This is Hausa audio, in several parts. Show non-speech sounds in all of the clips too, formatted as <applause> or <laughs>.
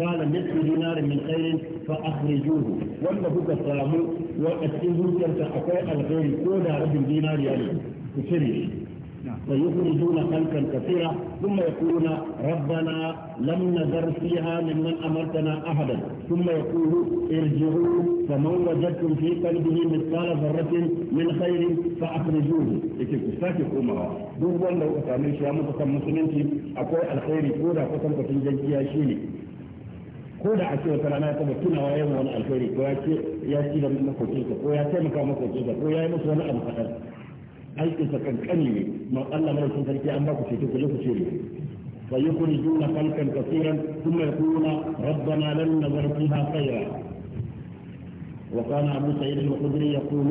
مثقال نصف دينار من خير فأخرجوه ولا بك السلام وأسئله أنت أقوى الخير كودا رب دينار يعني تشري فيخرجون خلقا كثيرا ثم يقولون ربنا لم نذر فيها ممن امرتنا احدا ثم يقول ارجعوا فمن وجدتم في قلبه مثقال ذره من خير فاخرجوه yake ku sake komawa duk wanda kuka same shi ya mutu kan musulunci akwai alkhairi ko da kusan kusan jankiya shine ko da a ce wata rana ya taba tunawa yawan wani alkhairi ko ya ce ya ci da makocinsa ko ya taimaka makocinsa ko ya yi musu wani abu kaɗan aikinsa kankani ne ma Allah madaukin sarki an ba ku ceto ku je ku cire فيخرجون خلقا كثيرا ثم يقولون ربنا لن نظر فيها خيرا وكان ابو سعيد الخدري يقول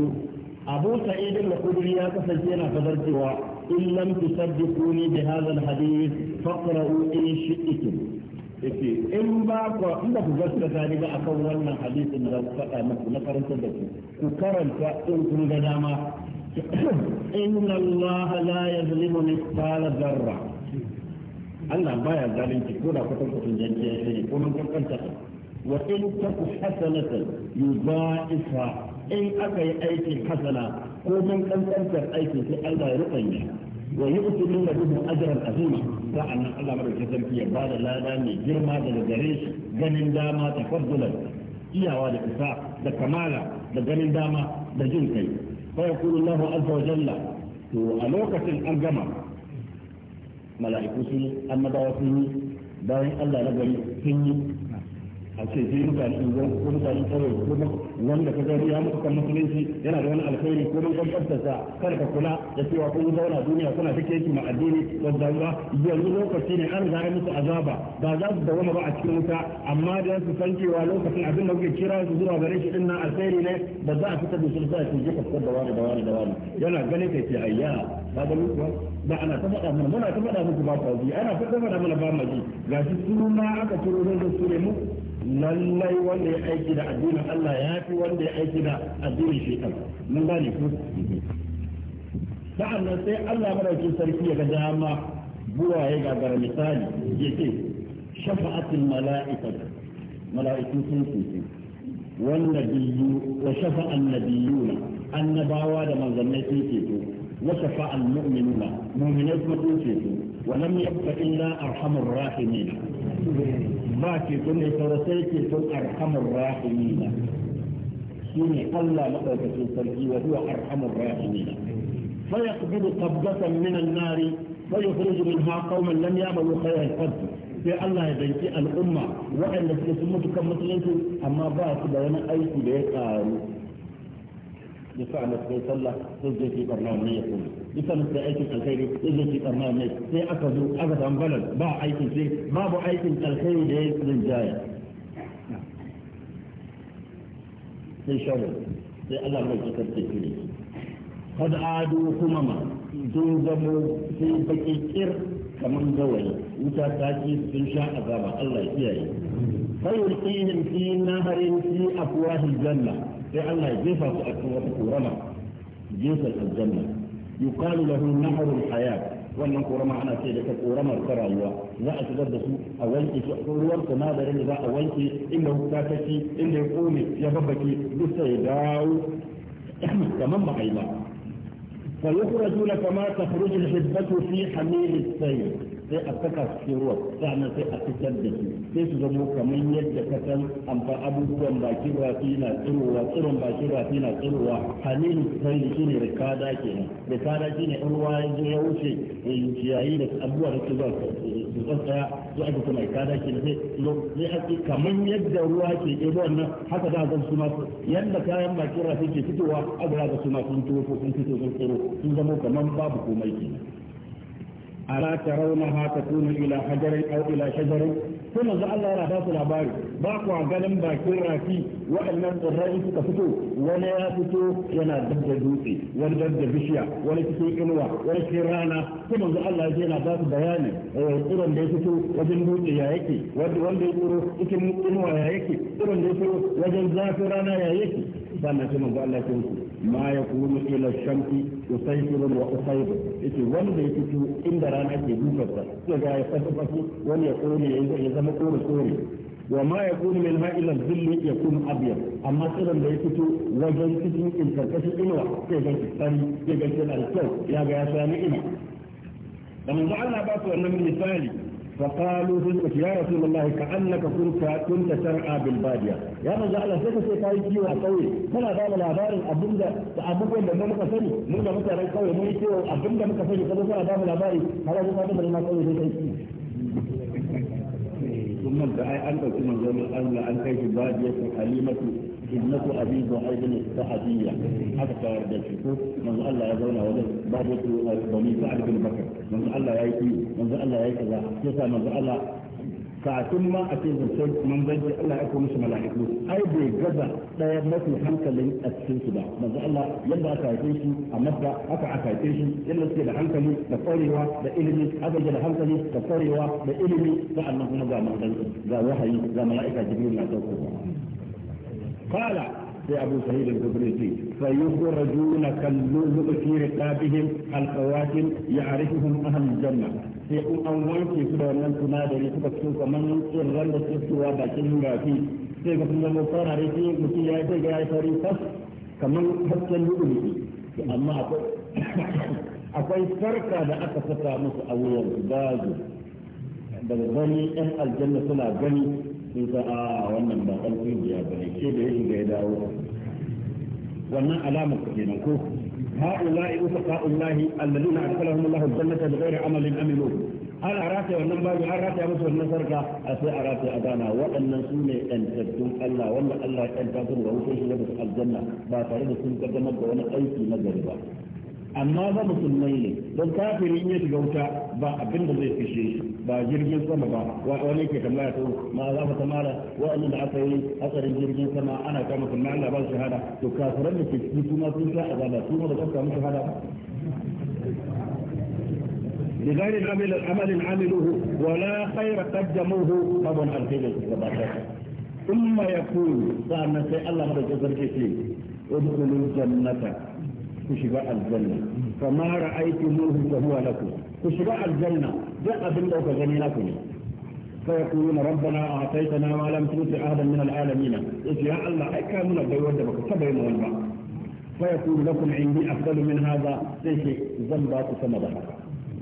ابو سعيد الخدري تسجل فذرتها ان لم تصدقوني بهذا الحديث فاقرأوا ان شئتم yake in ba ku in ba ku gaskata tare ba akan wannan hadisin da ku faɗa muku na karanta da ku ku karanta in kun ga dama inna allaha la yazlimu mithqala dharra Allah baya zalunci ko da kwatan kwatan janki ya shiri ko mun kankanta wa in taku hasanatan yudha'ifa in aka yi aikin hasana ko mun kankantar aikin sai Allah ya rubanya wa yu'tilu lahum ajran azima sa'an Allah madaukakin sarki ya bada lada mai girma daga gare shi ganin dama tafaddulan iyawa da isa da kamala da ganin dama da jin kai fa yaqulu Allahu azza wa jalla to a lokacin an gama mala'iku sun annabawa sun yi bayan Allah na gari sun yi a ce sai mutane unguwan ko mutane kawai ko wanda ka gani ya mutu kan musulunci yana da wani alkhairi ko mun kankantarsa kada ka kula da cewa kun zauna duniya kuna take yake ma addini da daura yanzu lokaci ne an gare musu azaba ba za su dawoma ba a cikin wuta amma da su san cewa lokacin abin da kuke kira su zuwa gare shi din nan alkhairi ne ba za a fita da su sai su je ka fitar da wani da wani da wani yana ganin kai ce ayya ba da mutuwa da ana ta faɗa mana muna ta faɗa muku ba ta ji ana ta faɗa mana ba ma ji gashi su ma aka turo da su ne mu lallai wanda ya aiki da addinin Allah ya fi wanda ya aiki da addinin shaitan mun gane ku sa'an nan sai Allah madaukin sarki ya ga dama buwaye ga gara misali yace shafa'atul mala'ikatu mala'iku sun sun والنبي وشفع النبيون النباوة لمن ظنيتي تيتو وشفع المؤمنون مؤمنات مكوتيتو ولم يبق إلا أرحم الراحمين ba ke kunne saura sai ke sun arhamar rahimina shi ne Allah maɗaukacin sarki wa huwa arhamar rahimina fa yaqbidu qabdatan min an-nari fa yukhriju minha qauman lam ya'malu khayran qad sai Allah ya danki al'umma waɗanda suke sun mutu kan musulunci amma ba su da wani aiki da ya ƙaru ya sa na sai sallah sai zai fi barna ne ya kuma ya sa sai aikin alkhairi sai zai fi barna ne sai aka zo aka samu balance ba aikin sai babu aikin alkhairi da ya rinjaya sai shawarar sai Allah mai cikar da kiri kada adu kuma ma sun zamo sai baki kir kamar gawayi wuta ta ce sun sha azaba Allah ya kiyaye fa yulqihim fi naharin fi afwahil janna sai Allah ya jefa su a cikin wata korama jefa aljanna yuqalu lahu nahrul hayat wannan korama ana ce da ta koramar ta rayuwa za a shigar da su a wanke su ruwan sinadarin da za a wanke inda wuta ta ci inda ya kone ya babbake duk sai dawo kamar ba ba fa yukhrajuna kama takhruju al-hibbatu fi hamil as-sayl sai a saka su ruwa sannan sai a fitar da su sai su zamo kamar yadda ka san amfan abubuwan bakin rafi na tsirowa tsiron bakin rafi na tsirowa halilu sai shi ne rikada kenan rikada shi ne in ruwa ya zo ya wuce yayi da abubuwa da ke zuwa su tsatsaya su aka kuma rikada kenan sai sai ake kamar yadda ruwa ke ɗebo wannan haka za a gan su yadda kayan bakin rafi ke fitowa a za ga su sun tuwo ko sun fito sun tsiro sun zamo kamar babu komai kenan ألا ترونها تكون إلى حجر أو إلى شجر sai manzo Allah yana ba su labari ba ku ganin bakin rafi waɗannan tsirrai suka fito wani ya fito yana dabda dutse wani dabda bishiya wani cikin inuwa wani cikin rana sai manzo Allah ya yana ba su bayani eh, tsiron da ya fito wajen dutse ya yake wanda ya tsoro cikin inuwa ya yake tsiron da ya fito wajen zafin rana ya yake sannan sai manzo Allah ya ce ما يكون إلى الشمس يسيطر وأسيطر إذا ولد يتكو إن درانا في جوفة إذا يتصفك ولي يقول إذا مقول سوري وما يكون منها إلى الظل يكون أبيض أما سيرا da ya وجن wajen ان intarkashin inuwa sai ga tsari sai ga tsari kyau ya انا لما sami ina da manzo Allah ba فقالوا سيدك يا رسول الله كأنك كنت كنت ترعى بالبادية يا من جعل سيدك سيكاي كيو أقوي فلا بال الأبار أبن دا أبوك لما مكسني من لما ترى القوي من كيو أبن دا مكسني فلا بال أبار الأبار هذا هو هذا ما قوي سيكاي ثم أنت أي أنت كما زمن أن أن كيف بادية حليمة إنك عزيز أيضا الصحفية حتى يرد الشكوك من الله يا زوجة ولد بابك بني سعد بن بكر من الله يا إيتي من الله يا كذا كيف من الله فأتم أتيت السيد من ذلك الله أكون مش ملاحق أي بي جزا لا يبنك حنك للأسفين سبا من ذلك الله يبنى أكايتيشن أمسا أكا أكايتيشن إلا سيد حنك لي تقولي هو بإلمي أبا جل حنك لي تقولي هو بإلمي فأنا هنا ذا مهدل ذا وحي ذا ملائكة جبريل مع توقف الله قال في أبو سعيد الخدري فيخرجون كاللؤلؤ في رقابهم الخواتم يعرفهم أهل الجنة sai in an wanke su da wannan sinadari suka fito kamar da suke fitowa farare sai mutum ya akwai sarka da aka a daga gani yan aljanna suna gani sai ga a wannan ba ɗan kungiya ba ne ke da ya shiga ya dawo wannan alama ku kenan ko ha'ula'i ufaqa'ullahi alladhina adkhalahum Allahu al-jannata bighairi amalin amilu an arata wannan babu an rata musu wannan sarka a sai a rata a gana waɗannan su ne ɗantattun Allah wanda Allah ya ɗanta su da wuce shi da su aljanna ba tare da sun kaddamar da wani aiki na gari ba amma ba musulmai ne don kafirin ya shiga wuta ba abin da zai fishe shi ba jirgin sama ba wa wani ke kamar ya tsoro ma za ta mala wa'anda da aka yi hatsarin jirgin sama ana kama sunna Allah ba shahada to kafiran da ke ciki su sun sha azaba su ma ba za samu shahada ba لغير العمل العمل عمله ولا خير قدموه طبعا الخير ثم يقول سألنا سي الله هذا جزر كثير ادخلوا الجنة تشبع الجنة فما رأيتموه فهو لكم تشبه الجنة جاء بالله كغنينا فيقولون ربنا أعطيتنا ما لم تؤت أحدا من العالمين إذ يا الله أكا من الدور دبك سبعين والبعض فيقول لكم عندي أفضل من هذا ليس زنبات سمدا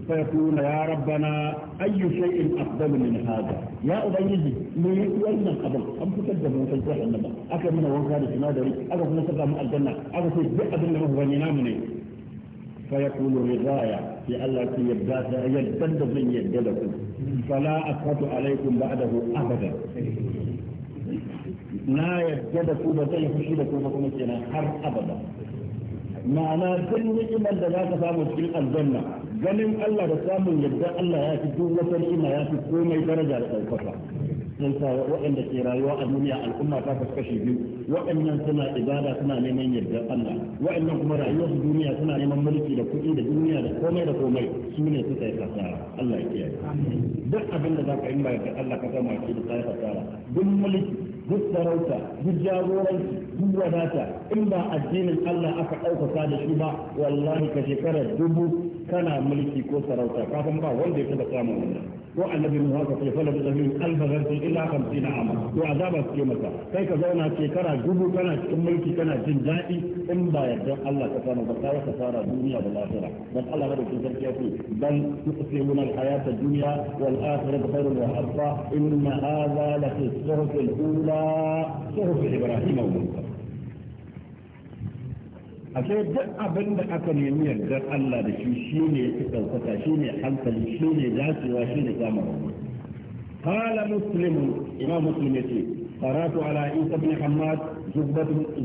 فيقول يا ربنا أي شيء أفضل من هذا يا أبيدي لي وين قبل أم تكذب وتجرح النبا أكل من وانكار السنادري أكل من سبع الجنة أكل في الجحد اللي هو فيقول رضايا sai Allah ki yadda da yadda da zan yadda da ku fala asfatu alaikum ba'dahu abada na yadda da ku ba zai fushi da ku ba kuma kenan har abada ma'ana duk ni'imar da za ka samu cikin aljanna ganin Allah da samun yadda Allah ya fi duk wata ni'ima ya fi komai daraja da ɗaukaka sai sa waɗanda ke rayuwa a duniya al'umma ta kashi biyu waɗannan suna ibada suna neman yardar Allah waɗannan kuma rayuwar duniya suna neman mulki da kuɗi da duniya da komai da komai su ne suka yi kasara Allah ya kiyaye duk abin da zaka yi bayar da Allah ka samu shi da sai fasara duk mulki duk sarauta duk jagoranci duk wadata in ba addinin Allah aka ɗaukaka da shi ba wallahi ka shekara dubu kana mulki ko sarauta ka san ba wanda ya taba samun wannan ko annabi mu haka sai fala da min albaghati illa 50 amma to azaba ce masa kai ka zauna shekara dubu kana cikin mulki kana jin daɗi in ba yarda Allah ka samu ba ka yi kasara duniya da lafiya dan Allah da kin sarki yake dan tusifuna alhayata dunya wal akhirah khairun wa abqa inna hadha la fi sirri al-ula sirri ibrahim wa musa duk abin da aka nemi yardar Allah da shi shi ne ya fi ɗaukaka shi ne hankali shi ne shi ne قال مسلم إمام مسلم قرأت على عيسى بن حماد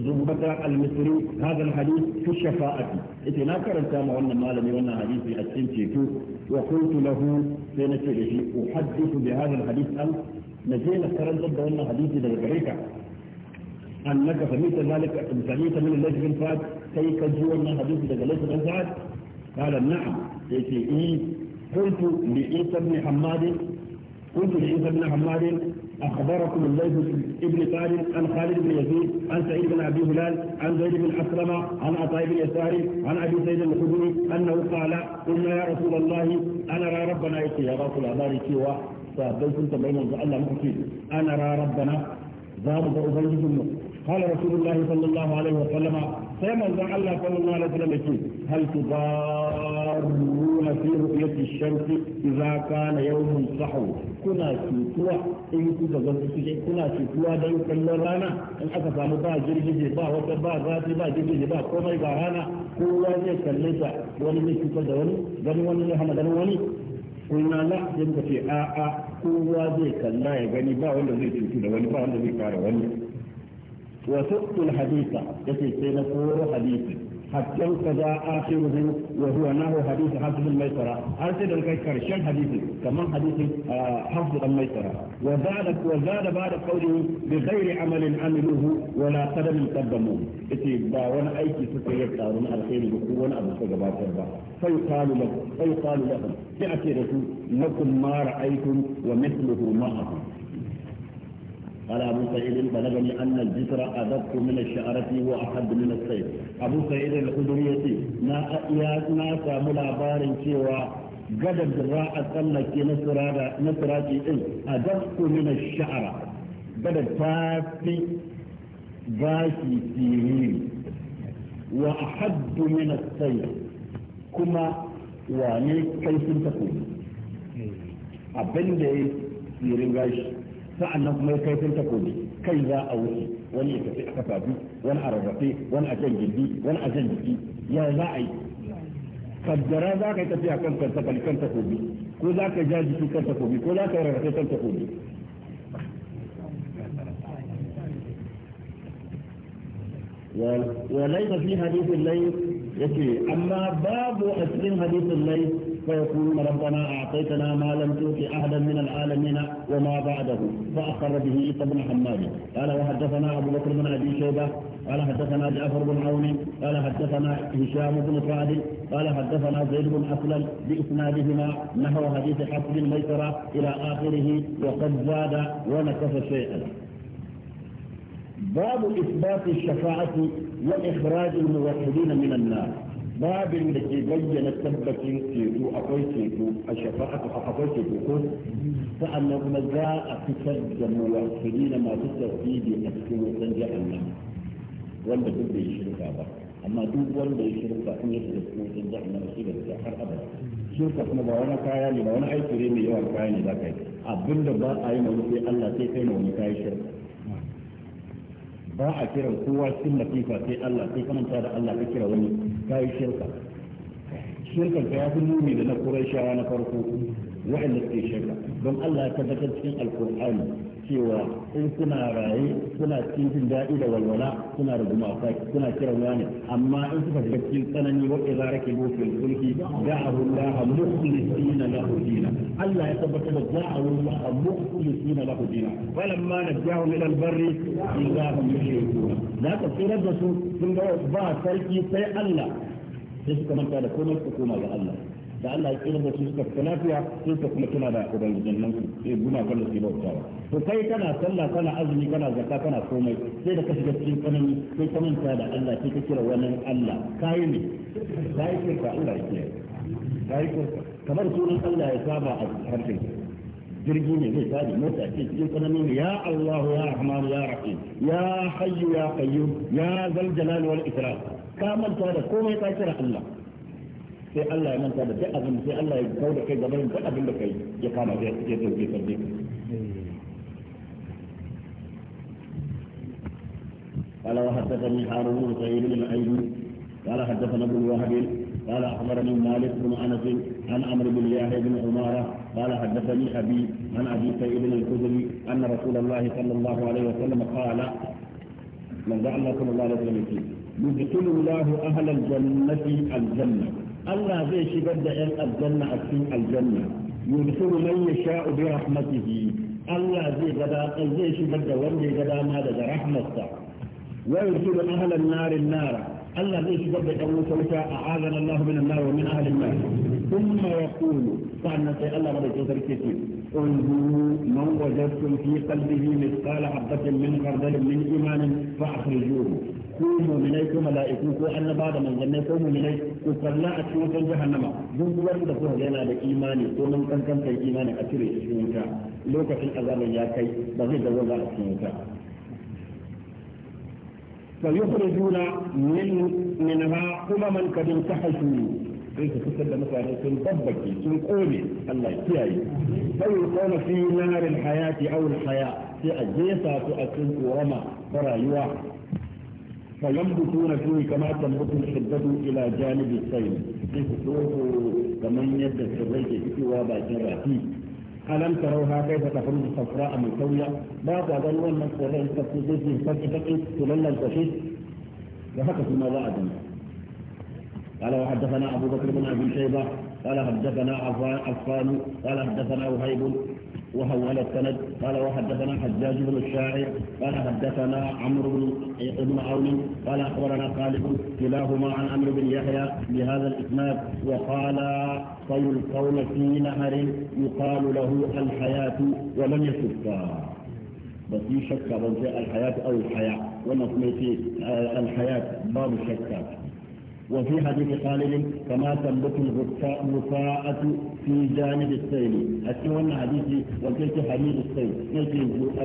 زبدة المصري هذا الحديث في الشفاعة إذا نكر الكلام وانا مالمي وانا حديثي أتسمتيتو وقلت له سنتي أحدث بهذا الحديث أن نزيل كرم ضد وانا حديثي أنك سميت ذلك سميت من الله بن فاد كيف ka ji wannan hadisi daga Layth bin Sa'ad qala قلت لعيسى بن حماد قلت لعيسى بن حماد أخبركم الليث بن طالب عن خالد بن يزيد عن سعيد بن أبي هلال عن زيد بن أسلم عن عطاء بن يساري عن أبي سيد الخدري أنه قال قلنا يا رسول الله أنا را ربنا يقي يا رسول الله سوى فبيت تبين الله مكتوب أنا را ربنا ذلك أبيتهم قال رسول الله صلى الله عليه وسلم sai manzon Allah sallallahu alaihi wasallam yake hal tudaruna fi ru'yati ash-shams idza kana yawmun sahur kuna cutuwa in kuka ga kuke kuna cutuwa dan kallon rana in aka samu ba girgije ba wata ba zafi ba girgije ba komai ba rana kowa zai kalle ta wani ne cutar da wani ganin wani ne hana ganin wani kuna la sai muka ce a'a kowa zai kalla ya gani ba wanda zai cutu da wani ba wanda zai kare wani وسقت الحديث يتي سينا كور حديثي حتى انقضى آخره وهو نهو حديث حفظ الميسرة أرسل لك كرشان حديثي كمان حديث حفظ الميسرة وزاد وزاد بعد قوله بغير عمل عملوه ولا قدم قدموه إتي با وانا أي شيء سكر يكتارون الخير بكو وانا أبو سكبات ربا فيقال له فيقال لهم تأتي رسول لكم ما رأيتم ومثله معكم قال ابو سعيد بلغني ان الجسر ادق من الشعرة واحد من السيف ابو سعيد الخدري ما يا ناس ملا بار سوى قد راى سلك نسراتي ان ادق من الشعرة قد تافي باكي سيرين واحد من السيف كما وني كيف تكون إيه. ابن دي سيرين غاشي sa'annan kuma ya kai sun takobi kai za a wuce wani ya tafi a kafa biyu wani a rarrafe wani a jan gindi wani a jan jiki ya za a yi kaddara za ka yi tafiya kan kan takali kan takobi ko za ka ja jiki kan takobi ko za ka yi rarrafe kan takobi وليس في حديث الليل يكي أما باب أسلم حديث الليل فيقولون ربنا أعطيتنا ما لم تؤت أحدا من العالمين وما بعده فأخر به عيسى بن حماد قال وحدثنا أبو بكر بن أبي شيبة قال حدثنا جعفر بن عون قال حدثنا هشام بن سعد قال حدثنا زيد بن أسلم بإسنادهما نحو حديث حفص الميسره إلى آخره وقد زاد ونكث شيئا باب إثبات الشفاعة وإخراج الموحدين من النار babin da ke bayyana tabbacin ceto akwai ceto a shafa'atu akwai ceto ko sa'annan kuma za a fitar da muwasili na masu tasiri a cikin wutan jahannam wanda duk bai shirka ba amma duk wanda ya shirka in ya shiga cikin wutan jahannam shi da ta har abada shirka kuma ba wani kaya ne ba wani aiki ne mai yawan kaya ne za ka yi abinda ba a yi ma wani sai Allah sai kai ma wani kayan shirka ba a kiran kowa cikin latifa sai Allah sai kamanta da Allah ka kira wani kai shirka shirka ya fi nuni da na shawa na farko waɗanda ke shirka don Allah ya tabbatar cikin alkur'ani cewa in kuna raye kuna cikin daɗi da walwala suna da gumaka kuna kiran wani amma in suka shiga cikin tsanani wa idza rakibu fil fulki da'ahu Allah mukhlisina lahu dina Allah ya tabbatar da da'ahu Allah mukhlisina lahu dina falamma najahum ila al-barri idza hum yushrikun da ka tsira da su sun ga ba sarki sai Allah sai suka manta da komai su koma ga Allah da Allah ya kira da su suka fita lafiya sai kuma tuna da ubangijin nan sai guna kan da to kai kana sallah kana azumi kana zakka kana komai sai da ka shiga cikin sai ka manta da Allah sai ka kira Allah kai ne kai ne ka Allah ya kai kamar sunan Allah ya saba a harshen jirgi ne zai tabi mota ce cikin ne ya Allah ya Rahman ya Rahim ya Hayyu ya Qayyum ya Zal Jalal wal Ikram ka manta da komai ka kira Allah sai Allah ya manta da duk abin sai Allah ya kau da kai gaban duk abin da kai ya kama da ya ya sauke sarki قال وحدثني هارون بن سعيد بن ايوب قال حدثنا ابو الوهاب قال اخبرني مالك بن انس عن عمرو بن يحيى بن عماره قال حدثني ابي عن ابي سعيد الخدري ان رسول الله صلى الله عليه وسلم قال من دعا الله صلى الله عليه وسلم يدخل الله اهل الجنه الجنه Allah zai shigar da 'yan aljanna a cikin aljanna yudkhulu man yasha'u bi rahmatihi Allah zai gada zai shigar da wanda ya ga dama daga rahmatsa wa yudkhulu ahlan narin nara الله ليش يقبل أول سويتا أعاذنا الله من النار ومن أهل النار ثم يقول فأنا سي الله رب يتوتر كتير انظروا من وجدتم في قلبه مثقال حبة من خردل من إيمان فأخرجوه ko mu'minai ko mala'iku ko annaba da manzannai ko mu'minai ko kalla a cikin wutar jahannama duk wanda kuma yana da imani ko mun kankanta imani a cire cikin wuta lokacin azaban ya kai ba zai dawo ba a cikin wuta فيخرجون من منها أمما قد انتحشوا sai su fitar da mutane sun babbaki sun kore Allah kiyaye sai kauna fi narin hayati aw haya sai a jefa su a cikin korama ta rayuwa فينبتون فيه كما تنبت الحبة إلى جانب السيل بسطوه كمن يد السرية في وابا جراتي ألم تروها كيف تخرج صفراء مستوية بعد أن ومن سرية تفسد فكي فتحة تلل الكشيش وهكذا ما وعد قال وحدثنا أبو بكر بن أبي شيبة قال حدثنا عفان قال حدثنا وهيب وهول السند قال وحدثنا حجاج بن الشاعر قال حدثنا عمرو بن ابن عون قال اخبرنا خالد كلاهما عن عمرو بن يحيى بهذا الاسناد وقال فيلقون القول في نهر يقال له الحياه ولم يسكا بس في شك الحياه او الحياه وانا آه، الحياه باب الشك وفي حديث خالد كما تنبت المفاءة في جانب السيل أتمنى حديث وتلك حديث السيل تلك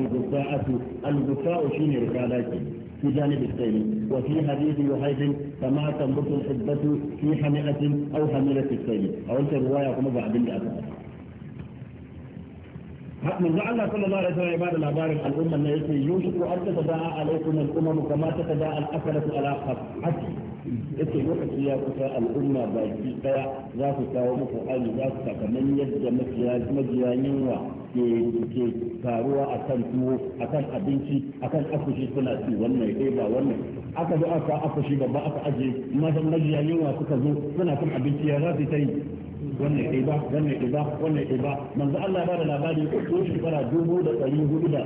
الغفاءة الغفاء شين رسالاتي في جانب السيل وفي حديث يحيث كما تنبت الحبة في حمئة أو حميلة السيل أو أنت رواية قمضة عبد الله من دعا الله صلى الله عليه وسلم عباد العبارة الأمة التي يوشك أن تتداعى عليكم الأمم كما تتداعى الأسرة على حق حسن yace lokaci ya kusa al'umma baki daya za su kawo muku ali za su sakamakon yadda majiya yunwa ke faruwa a kan tuwo a kan abinci a kan akushi suna ci wannan ya eh, ba wannan aka zo aka akushi babba aka aje majiya yunwa suka zo suna kan abinci ya za su yi wannan ba wannan ba wannan ɗiba manzo Allah ba da labari ko shekara dubu da ɗari hudu da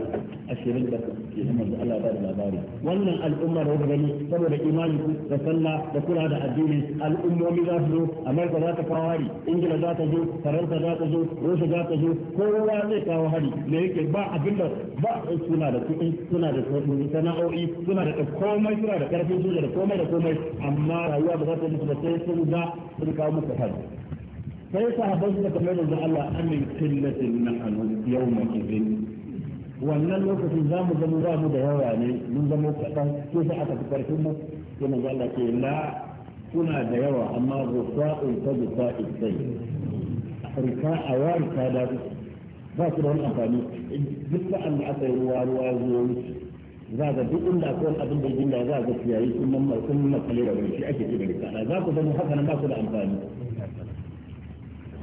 ashirin da ke manzo Allah ba da labari wannan al'ummar da gani saboda imani da sallah da kula da addini al'ummomi za su zo Amurka za ta kawo hari Ingila za ta zo Faransa za ta zo Rusha za ta zo kowa zai kawo hari me yake ba abin da ba suna da kuɗi suna da sana'o'i suna da komai suna da karfin soja da komai da komai amma rayuwa ba za ta musu ba sai sun ga sun kawo musu hari فليس أحبزنا كمان إذا قال له أمن قلة النحن يوم كذن وأن الوقت في الزام الزمراء مدهوى يعني من زموك كيف حتى تكرر كما كما قال لك لا كنا دهوى أما الرفاء تدفاء الزين رفاء وارفاء ذلك فاكر هون أفاني جفا أن أتي روار وازيون ذاك بإن لا كون أبن بجنة ذاك سياري ثم ما كل ما تلير ويشي أجي كبير ذاك فمحفنا ما كنا أفاني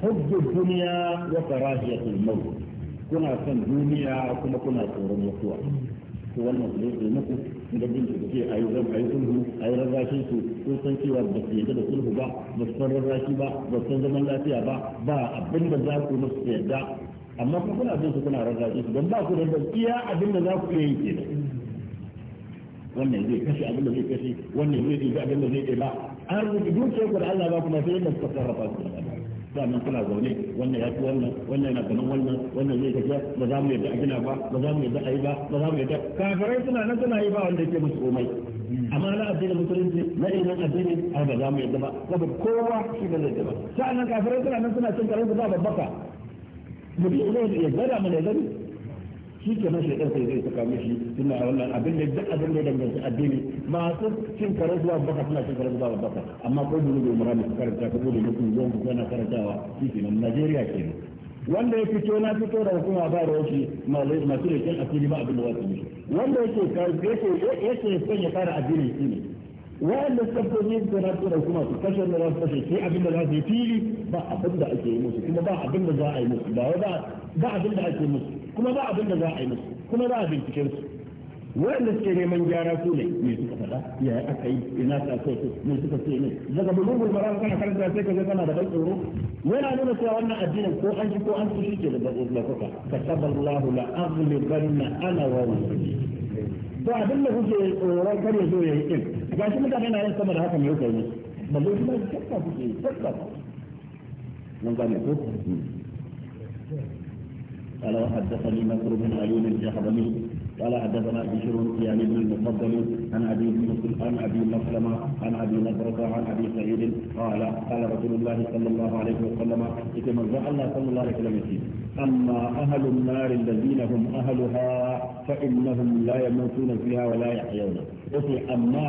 حب الدنيا وكراهية الموت كنا سن دنيا كما كنا سورون وكوا هو المخلوق لنفسه gajin da ke a yi zan a yi sulhu a yi rarrashi su ko san cewa ba su yadda da sulhu ba ba san rarrashi ba ba su san zaman lafiya ba ba za ku musu su yadda amma kuna kuna da za ku wannan zai kashe abin da zai kashe wannan zai ɗiba abin da zai ba an rubuta dukiyar ku da Allah ba kuma sai yadda suka sarrafa su sannan kuna zaune wannan ya fi wannan wannan yana ganin wannan wannan zai tafiya ba za mu yadda a gina ba ba za mu yadda a yi ba ba za mu yadda kafirai suna nan suna yi ba wanda yake musu komai amma na addinin musulunci na ilimin addini ai ba za mu yadda ba saboda kowa shi ba zai ba sa'annan kafirai suna nan suna cin karin su ba babbaka mutum ya zai ya gada mana ya gani shi ke nan shaidan sai zai saka mishi suna wannan abin da duk abin da danganta addini masu cin kare zuwa baka suna cin kare zuwa baka amma ko dole ne murami su karanta ko dole ne mutum zo ku kana karantawa shi ke nan Najeriya ke nan wanda ya fito na fito da hukuma ba da wasu masu leƙen asiri ba abin da wasu mishi wanda yake yake yake son ya fara addini shi ne wanda tsaffofi da na tura kuma su kashe da za su kashe sai abin da za su yi fili ba abin da ake yi musu kuma ba abin da za a yi musu ba ba abin da ake musu kuma ba abin da za a yi musu kuma ba a binciken su wanda suke neman gyara su ne me suka faɗa ya aka yi ina ta so su me suka ce ne daga bulugul maram kana karanta sai ka ga kana da ban tsoro yana nuna cewa wannan addinin ko an ji ko an ci shike da babu lafuka kataballahu la aghlibanna ana wa rusuli to abin da kuke tsoron kare zo yayi din ga shi mutane na yin sama da haka mai yau ne ba kuma shakka kuke shakka من قال يقول قال وحدثني نصر بن علي الجهضمي قال حدثنا بشر يعني بن المفضل عن ابي عن ابي مسلمه عن ابي نضرة عن ابي سعيد قال قال رسول الله صلى الله عليه وسلم كما الله صلى الله عليه وسلم اما اهل النار الذين هم اهلها فانهم لا يموتون فيها ولا يحيون اما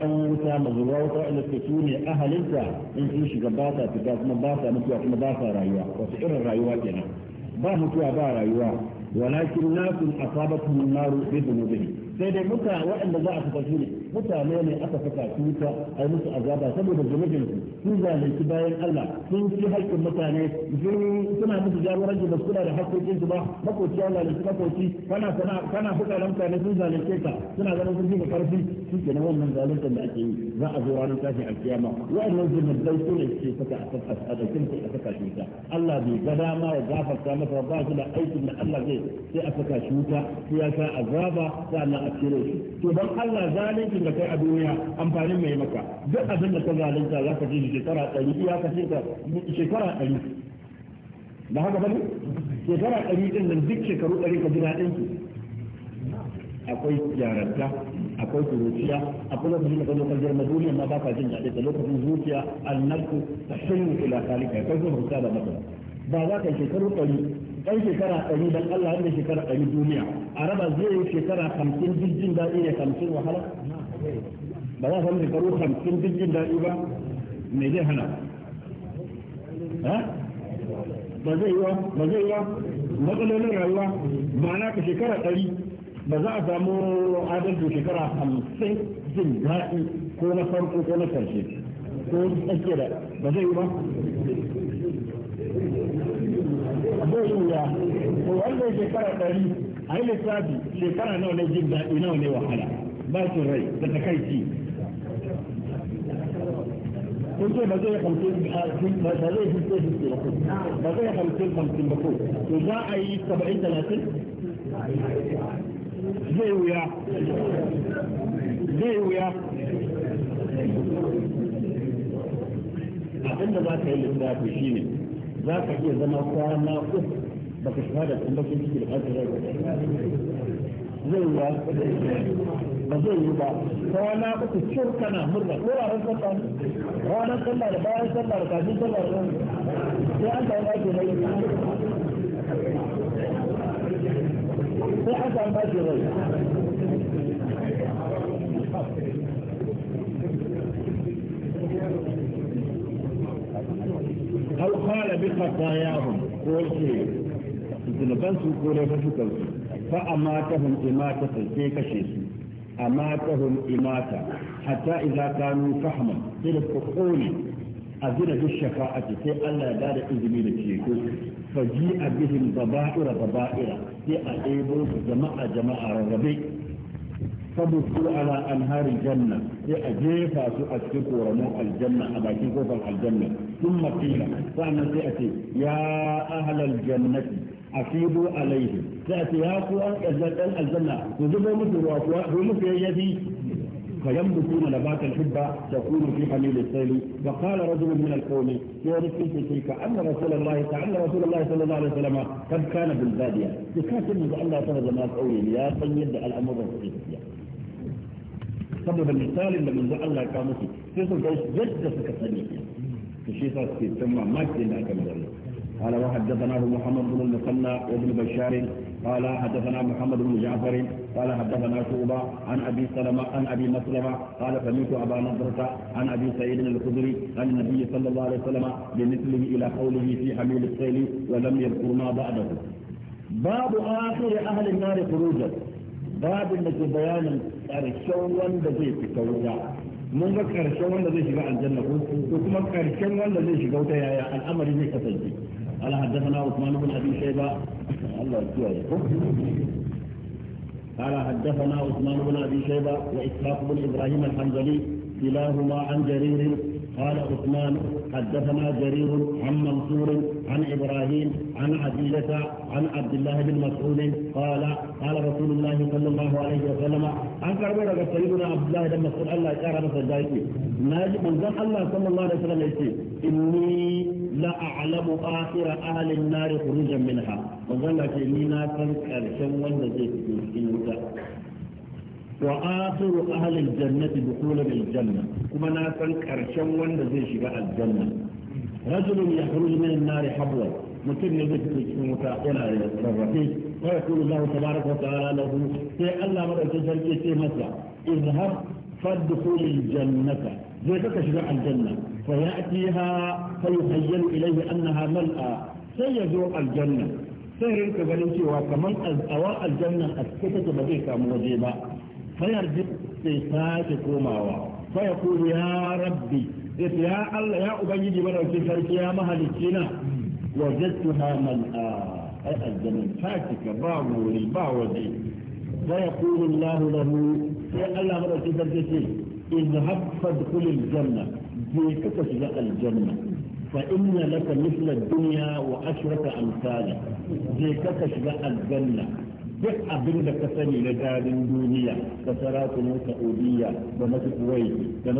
An wuta mazuwa wata ila ta su ne ahalinta in sun shiga ba sa fita kuma ba sa mutuwa kuma ba sa rayuwa wasu irin rayuwa kenan ba mutuwa ba rayuwa walakin nasun asabatuhum naru bi dhunubihim sai dai muta waɗanda za a fita su ne mutane ne aka saka su ta a yi musu azaba saboda zunubin su sun zalunci bayan Allah sun ci haƙƙin mutane suna musu jagoranci ba su da haƙƙoƙin su ba makoci Allah ne makoci kana kana kana fuka mutane sun zalunce ka suna ganin sun fi karfi سنوان من ذلك الذي ما أزوران كافي عكياما وأن نزل من الزيتون في فكا أفكا هذا في أفكا شوكا الله بي قداما وقافا كاما فرضاك إلى أيت من الله جي في أفكا شوكا في أفكا أزرابا فأنا أكتريش تبقى الله ذلك إن كي في أمباني مي مكا جأ أبنى كذلك يا كثير شكرا تليك يا كثير شكرا تليك ما هذا فلي؟ شكرا تليك إن ذلك شكرا تليك بنا أنتو akwai yaranta akwai kuruciya akwai lokacin da kazo kan jirma duniya ma baka jin daɗi da lokacin zuciya annabtu tashin ila salika kai zo rusa da maka ba za ka shekaru ɗari ɗan shekara ɗari dan Allah yadda shekara ɗari duniya a raba zai yi shekara hamsin jirgin daɗi ne hamsin wahala ba za ka yi shekaru hamsin jirgin daɗi ba me zai hana ba zai yi wa ba zai yi wa matsalolin rayuwa ma'ana ka shekara ɗari ba za a samu adalci shekara hamsin jin daɗi ko na farko ko na karshe ko tsakiya da ba zai yi ba zai yi wuya ko wanda shekara ɗari a yi lissafi shekara nawa ne jin daɗi nawa ne wahala ba su rai da ta takaici kun ce ba zai hamsin ba zai fiske fiske ba ko ba zai hamsin hamsin ba ko to za a yi saba'in talatin zai wuya zai wuya abin da za ka yi lissafi shi ne za ka iya zama kwana uku ba ka shiga da bakin ciki da ɓarfi zai zai wuya ba zai yi ba kwana uku cin kana murna wuraren sallah ranar sallah da bayan sallah da kafin sallah da sai an ta yi ake mai صحة أم أجرية هل قال بخطاياهم قول شيء ذنبانسوا قولوا فشكوا فأماتهم إماتة في كشيسوا أماتهم إماتة حتى إذا كانوا فحما في القول أذن الشفاعة في ألا دار إذن لكيكو فجيء بهم ضبائر ضبائر sai a ɗebo su jama'a jama'a rarrabe sabu su ala anharin janna sai a jefa su a cikin koramin aljanna a bakin kofar aljanna sun makila sa'annan sai a ce ya ahlal jannati afidu alaihi sai a ce ya ku ɗan aljanna su zubo musu ruwa kuwa ku musu yayyafi فيملكون نبات الحبة تكون في حميل السيل فقال رجل من القوم يورثني تلك أن رسول الله كأن رسول الله صلى الله عليه وسلم قد كان بالبادية بكاتب من الله تعالى ما قولي يا سيد الأمر في سبب المثال da من Allah ya kawo musu sai su ga yadda suka ثم ما shi sa suke tsamma maki محمد بن المثنى وابن بشار قال حدثنا محمد بن جعفر قال حدثنا شعبة عن أبي سلمة عن أبي مسلمة قال سمعت أبا نضرة عن أبي سعيد الخدري عن النبي صلى الله عليه وسلم بمثله إلى قوله في حميل السيل ولم يذكر ما بعده باب آخر أهل النار خروجا باب الذي بيان الشون الذي في التوجع من ga الشون الذي في الجنه aljanna ko الشون الذي في الامر shiga wuta قال حدثنا عثمان بن ابي شيبه الله قال حدثنا عثمان بن ابي شيبه واسحاق بن ابراهيم الحنظلي كلاهما عن جرير قال عثمان حدثنا جرير عن منصور عن ابراهيم عن عزيزة عن عبد الله بن مسعود قال قال رسول الله صلى الله عليه وسلم عن كربلاء سيدنا عبد الله بن مسعود الله يكرمه الدايتي ناجي من الله صلى الله عليه وسلم يقول اني لا أعلم آخر أهل النار خروجا منها وظل جمينا تنكر شموان نزيد في وآخر أهل الجنة دخولا الجنة كما ناسن كرشن وند زي شيغا الجنة رجل يخرج من النار حبوا mutum ne zai fito cikin wuta yana da rarrafe wa ya kulu Allah tabarak wa ta'ala lahu sai Allah madaukakin sarki sai masa izhab fadkhul jannata zai ka shiga aljanna فيأتيها فيخيل إليه أنها ملأى سيزوء الجنة سيرين كبالين شوى كمان أزأواء الجنة أسكتة بذيكا موجبة فيرجع سيساك كوماوا فيقول يا ربي يا الله يا أبنجي من أوكي يا مهلكينا وجدتها ملأى أي الجنة فاتك باوري باودي فيقول الله له يا الله مرة تفرجتي اذهب فادخل الجنة je ka shiga aljanna fa inna laka mithla dunya wa ashrata amsala je ka shiga aljanna duk abin da ka sani na dadin duniya da sarakunan saudiya da na su da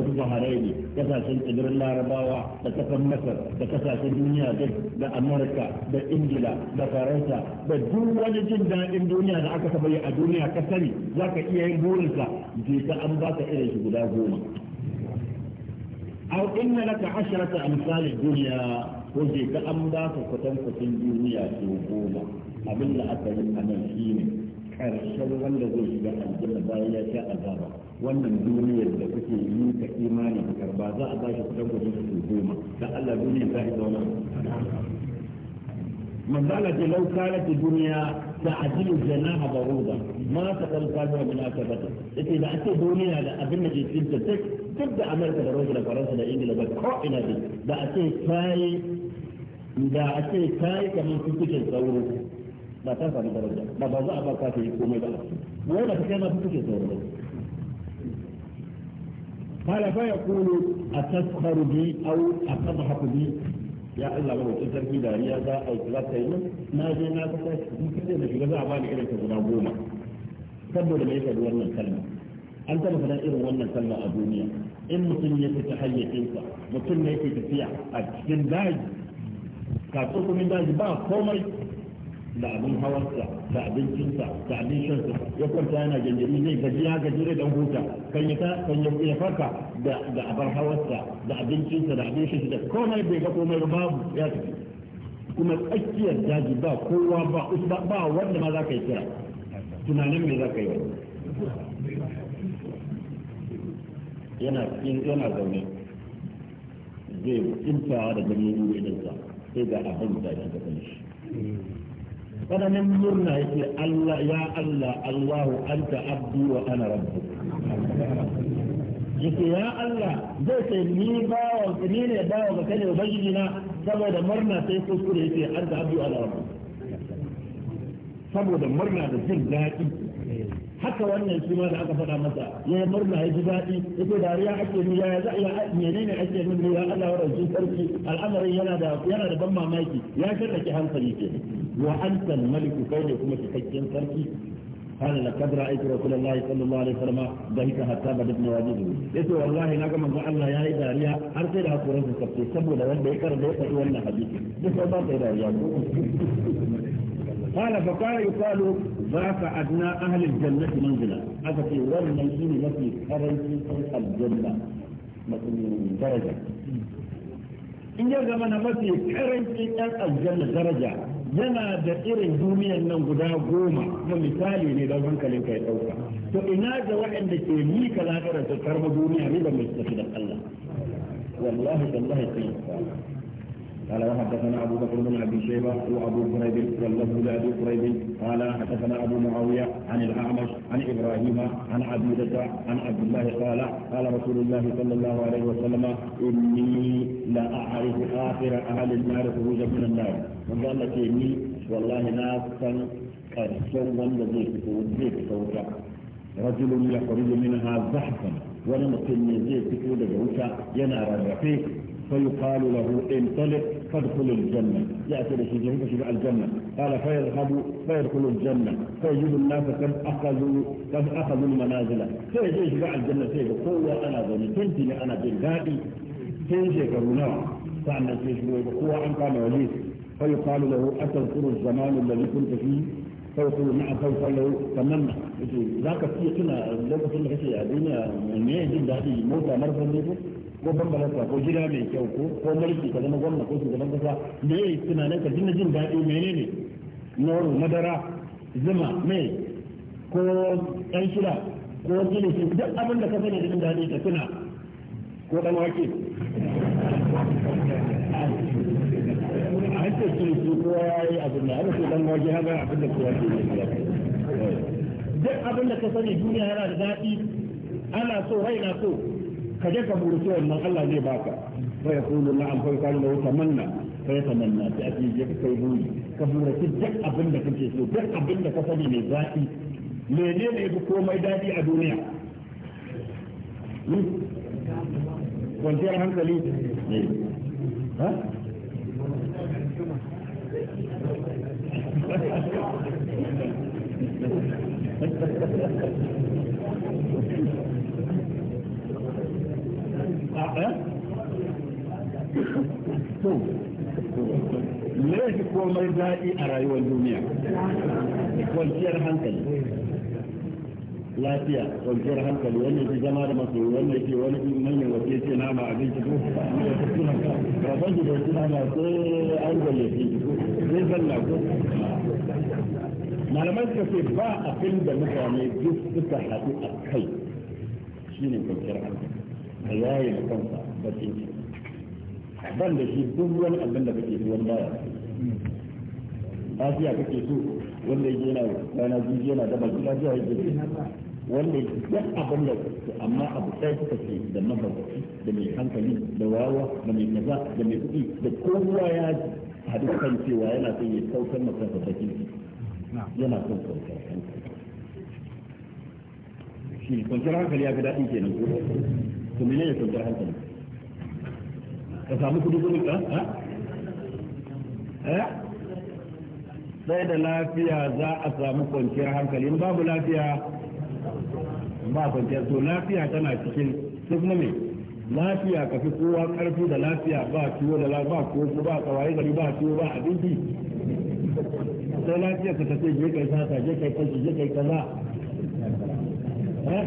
kasashen tsibirin larabawa da kasar masar da kasashen duniya duk da amurka da ingila da faransa da duk wani jin daɗin duniya da aka saba a duniya ka sani za ka iya yin burinsa je ka an baka irin shi guda goma أو إن لك عشرة أمثال الدنيا وجد أم ذاك كتن كتن دنيا سوبوما أبن أكل أمثيني karshen wanda zai shiga aljanna bayan ya sha azaba wannan duniyar da kuke yi ta imani ka karba za a ba shi kudan kudin su goma da Allah duniyar za ta zauna manzala ke lau kana duniya da ajilu janaha baruda ma ta kalfa da min akabata yace da ake duniya da abin da ke cikin ta duk da amurka da rasha da faransa da ingila da ko ina bi da a ce kayi da a ce kayi kamar fuskucin sauro ba ta sami daraja ba ba za a ba ka yi komai ba wai ba ta kai ma fuskucin sauro ba قال فيقول أتسخر بي أو أتضحك بي يا الله لو تسر في داريا ذا أو ثلاثة أيام ما da shiga za a ba ni irin guda goma saboda me wannan kalma an taɓa faɗa irin wannan sallah a duniya in mutum ya fita hayyacinsa mutum ne yake tafiya a cikin daji kafin kuma daji ba komai da abin hawarsa da abincinsa da abin shansa ya kwanta yana janjiri zai gaji ya gaji da dan huta kan ya kan ya farka da da abar hawarsa da abincinsa da abin shansa da komai bai ga komai babu ya tafi kuma tsakiyar daji ba kowa ba ba wanda ma za ka yi kira tunanin me za ka yi yana cikin yana zaune zai tsintawa da ganin idansa sai ga abin da shi da kanshi tsananin murna yake Allah ya Allah Allahu anta abdi wa ana rabbu yake ya Allah zai ce ni bawa ni ne bawa ga kai ubangiji na saboda murna sai kuskure yake anta abdi wa ana rabbu saboda murna da jin daɗi haka wannan shi ma da aka faɗa masa ya murna ya ji daɗi yake dariya ake ni ya za ya menene ake ni ya Allah wadauki sarki al'amarin yana da yana da ban mamaki ya sharrake hankali ke wa anta maliku kai ne kuma cikakken sarki قال لقد رايت رسول الله da الله عليه ba ضحك حتى بدت نواجذه yace wallahi na ga manzo Allah yayi dariya har sai da hakurin su kafe saboda wanda ya karbe ya wannan hadisi duk sai ba dariya قال فقال يقال ذاك أدنى أهل الجنة منزلا هذا في ورن الدين التي كرنتي الجنة مثل daraja in ya zama na mafi karancin ɗan aljanna daraja yana da irin duniyar nan guda goma kuma misali ne don hankalin ka ya ɗauka to ina da waɗanda ke yi ka lafiyar su karma duniya ne da mai tafi da Allah wallahi wallahi sai قال وحدثنا ابو بكر بن ابي شيبه وابو كريب واللفظ لابي كريب قال حدثنا ابو معاويه عن الاعمش عن ابراهيم عن عبيده عن عبد الله قال قال رسول الله صلى الله عليه وسلم اني لا اعرف اخر اهل النار خروجا من النار وقال لك اني والله ناس كان ولا زيت وزيت رجل يخرج منها زحفا ولم يكن زيت كود جوشا ينار الرقيق فيقال له انطلق فادخلوا الجنة يأتي لشيء فشبع الجنة قال فيذهبوا فيدخلوا الجنة فيجيب الناس كم أخذوا كم أخذوا المنازل فيجي شبع الجنة سيد قوة أنا ذني تنتني أنا بالغادي تنجي كرونا فأنا سيشبه قوة أن كان وليس فيقال له أتذكر الزمان الذي كنت فيه فيقول نعم فيقال له تمنى ذاك في قنا لو كنت في الدنيا من جدا هذه موتى مرضى ko bambalansa ko gida mai kyau ko ko mulki ka zama gwamna ko shugaban kasa me yayi tunanin ka dinga jin daɗi menene noro madara zuma mai ko ɗan shida ko shi duk abin da ka sani da jin daɗi ka tuna ko ɗan wake a hanke kilishi ko ya yi abin da aka ce ɗan wake haka abin da kowa ke yi duk abin da ka sani duniya yana da daɗi ana so rai na so ka je ka buruce wannan Allah zai baka fa ya kullu na an farka da wata manna fa ya yatamanna ta a je ka kai buri ka burace duk abin da kake so duk abin da ka sani mai zafi menene yafi komai dadi a duniya hmm? kwanciyar hankali ne eh. ha Thank <laughs> you. to laifi komai daɗi a rayuwar duniya kwanciyar hankali lafiya kwanciyar hankali ke zama da masu ke wani wace ce nama abinci ko da wasu nama sai an zai zalla ko malamai suka ce ba abin da mutane duk suka haɗu a kai shine kwanciyar hankali ka yaye da kanka bakin shi ban da shi duk wani abin da kake ruwan baya lafiya kake so wanda yake yana kwana biyu yana da baki lafiya yake wanda duk abin da amma abu sai suka ce da mabarci da mai hankali da wawa da mai kaza da mai kuɗi da kowa ya haɗu kan cewa yana son ya saukar masa da bakin yana son saukar shi kwanciyar hankali ya fi daɗi kenan ko to menene kwanciyar hankali ka samu kudi kudi ka eh? sai da lafiya za a samu kwanciyar hankali in babu lafiya ba kwanciyar to lafiya tana cikin duk na lafiya ka fi kowa karfi da lafiya ba ciwo da ba koko ba kawai gari ba ciwo ba abinci sai lafiya ka tafi je kai sata je kai kashi je kai kaza eh?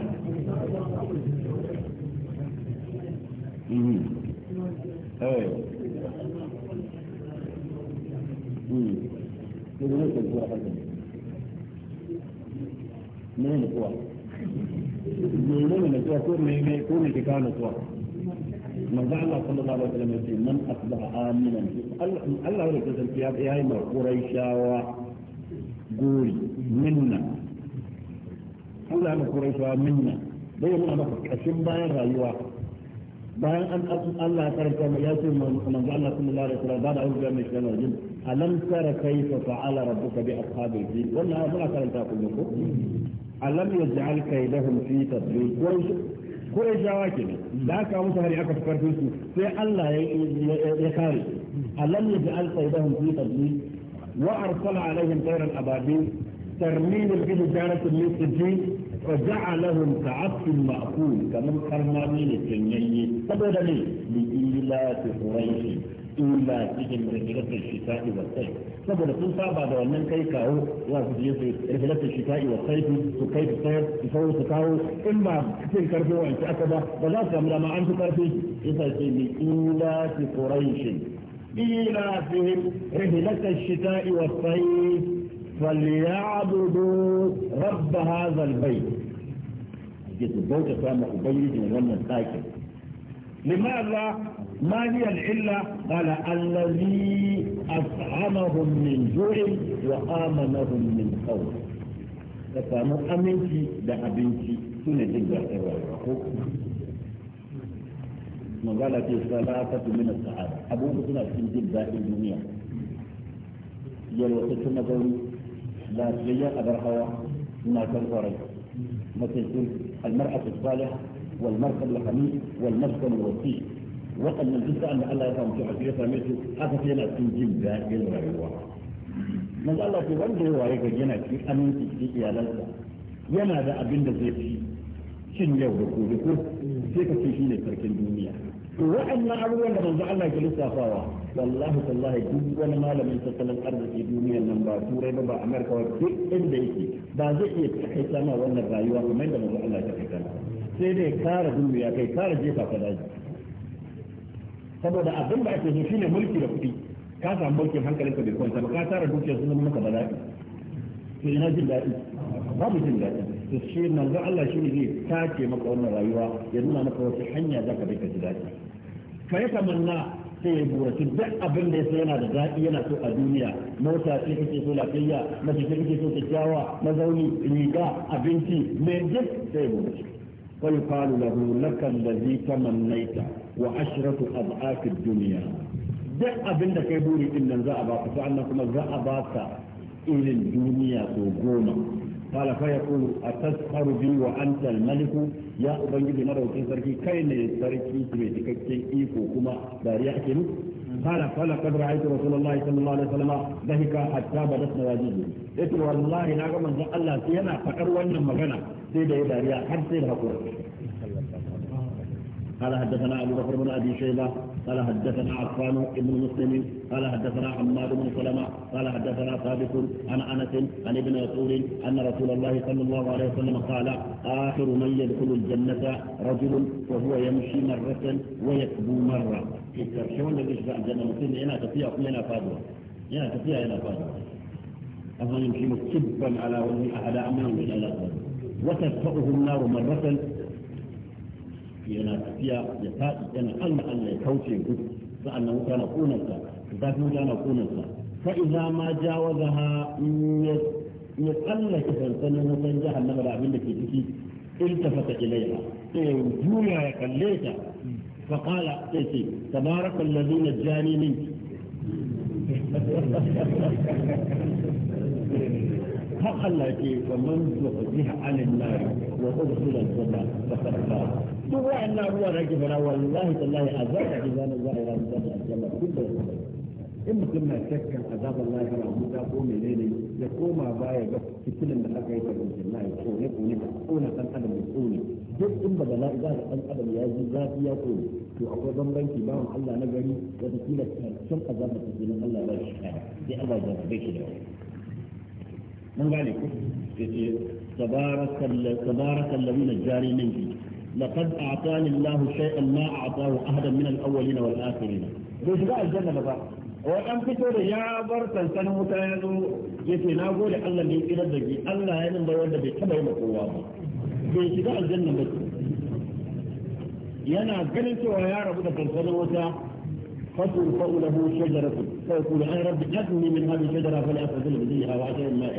ايوه ne nutsuwa menene nutsuwa ko me me ko me ke kawo nutsuwa manzo Allah sallallahu alaihi wasallam yace man asbaha aminan Allah Allah ya kasance ya yayi ma Quraishawa gori minna Allah ya Quraishawa minna dai mun maka kashin bayan rayuwa bayan an Allah ya karanta mai ya ce manzo Allah sallallahu alaihi wasallam ba da auzu mai shi na jin alam tara kaifa fa'ala rabbuka bi ashabil fil wannan ya muna karanta ku ko alam yaj'al kaydahum fi tadbir ko ya ke ne da aka musu hari aka fi karfin su sai Allah ya ya kare alam yaj'al kaydahum fi tadbir wa arsala alaihim tayran ababil tarmin bil jarat min sijil فجعلهم كعبس مأكول كمن قرنا من التنيني سبب لي لإلا تفريش إلا رجلة الشتاء والصيف سبب لكم صعب بعد أن ننكي كاو وفجيس رجلة الشتاء والصيف وكيف الصيف تفو تكاو إما كتير كرفي وعنش أكبر بذلك أمرا ما عنش كرفي إذا سيب لإلا تفريش إلا فيهم رجلة الشتاء والصيف فليعبدوا رب هذا البيت جيت بوتا كان أبيد من لما ساكن لماذا ما هي العلة قال الذي أطعمهم من جوع وآمنهم من خوف فكانوا أمنتي ده إيه سنة جدا magana ce salatatu min as-sa'ad abubuwa suna cikin jin daɗin duniya yalwata ta mazauni lafiyayyen abar hawa ina kan kwarai mataikin almar'atu salih wal markab al hamid wal maskan al da Allah ya samu a ya same haka sai yana jin daɗin rayuwa nan Allah ce wanda ya waye gari yana cikin aminci cikin iyalansa yana da abin da zai fi cin yau da ko sai ka shi ne sarkin duniya waɗannan abubuwan da manzo Allah ke lissafawa wallahi tallahi duk wani malamin tattalin arziki duniyar nan ba turai ba ba amerika ba duk inda yake ba zai iya kai sama wannan rayuwa kamar da manzo Allah ya kai sai dai kara ya kai kara jefa ka daji saboda abin da ake so shine mulki da kuɗi ka samu mulkin hankalinka bai kwanta ba ka tara dukiyar sunan maka bala'i sai ina jin daɗi babu jin daɗi to shi manzo Allah shi ne zai ce maka wannan rayuwa ya nuna maka wata hanya za ka bai ka ji daɗi fa ya tamanna sai ya buraci duk abin da yasa yana da daɗi yana so a duniya mota ce kake so lafiya mace ce kake so kyakkyawa mazauni riga abinci mai duk sai ya buraci ويقال له لك الذي تمنيت وعشرة أضعاف الدنيا duk abin da kai buri din nan za a baka sa'an nan kuma za a baka irin duniya ko goma قال فيقول أتسخر بي وأنت الملك يا أبنجي مدوكين سركي كين سركي تبيتكين إيكو كما داري أحكم قال فلقد رأيت رسول الله صلى الله عليه وسلم ضحك حتى بدت نواجده يقول والله ناقا من ذا الله سينا فقر وانا مغنى سيدة داري أحكم سيدة قال حدثنا أبو بكر بن أبي شيبة قال حدثنا عفان بن مسلم قال حدثنا عماد بن سلمة قال حدثنا ثابت عن انس عن ابن رسول ان رسول الله صلى الله عليه وسلم قال اخر من يدخل الجنه رجل وهو يمشي مره ويكبو مره. شلون اللي يشبع الجنه مسلم هنا تطيع هنا فاضل هنا تطيع هنا فاضل أظن يمشي مكبا على وجه أحد أمام من الأسود وتدفئه النار مرة yana tafiya ya faɗi yana Allah Allah ya kauce gudu nan wuta na konarsa zafin wuta na konarsa fa idza ma jawazaha in ya tsallake sansanin wutan jahannama da abin da ke ciki in iltafata ilaiha sai ya juya ya kalle ta fa qala sai ce tabarakal ladzi najjani minki har Allah ke wa man zuwa jiha anin nari وأدخل الجنة فقد فاز duk wa'annan ruwa da ake fara wallahi tallahi azaba idan za a yi ranar da aljanna duk da in mutum na shakkan azabar lahira muta ko menene ya koma baya ga da aka yi ta ya kone ka duk in ba bala'i za ka dan adam ya ji zafi ya ko to akwai bambanci bawan Allah na gari wata kila karshen azabar ta Allah ya shi sai Allah ya zabe shi da wani من قال تبارك تبارك الذي نجاني منك لقد اعطاني الله شيئا ما اعطاه احدا من الاولين والاخرين بس بقى الجنه بقى وان فتور يا برت سنه تايزو يتي ناقول الله من الى الدقي الله يمن دور الذي تبع مقواه بس بقى الجنه بس yana ganin cewa ya rabu da farfadar wata fasul faulahu shajaratu fa yaqulu ay rabbi hadni min hadhihi shajara fa la asbilu bihi hawa ta'ala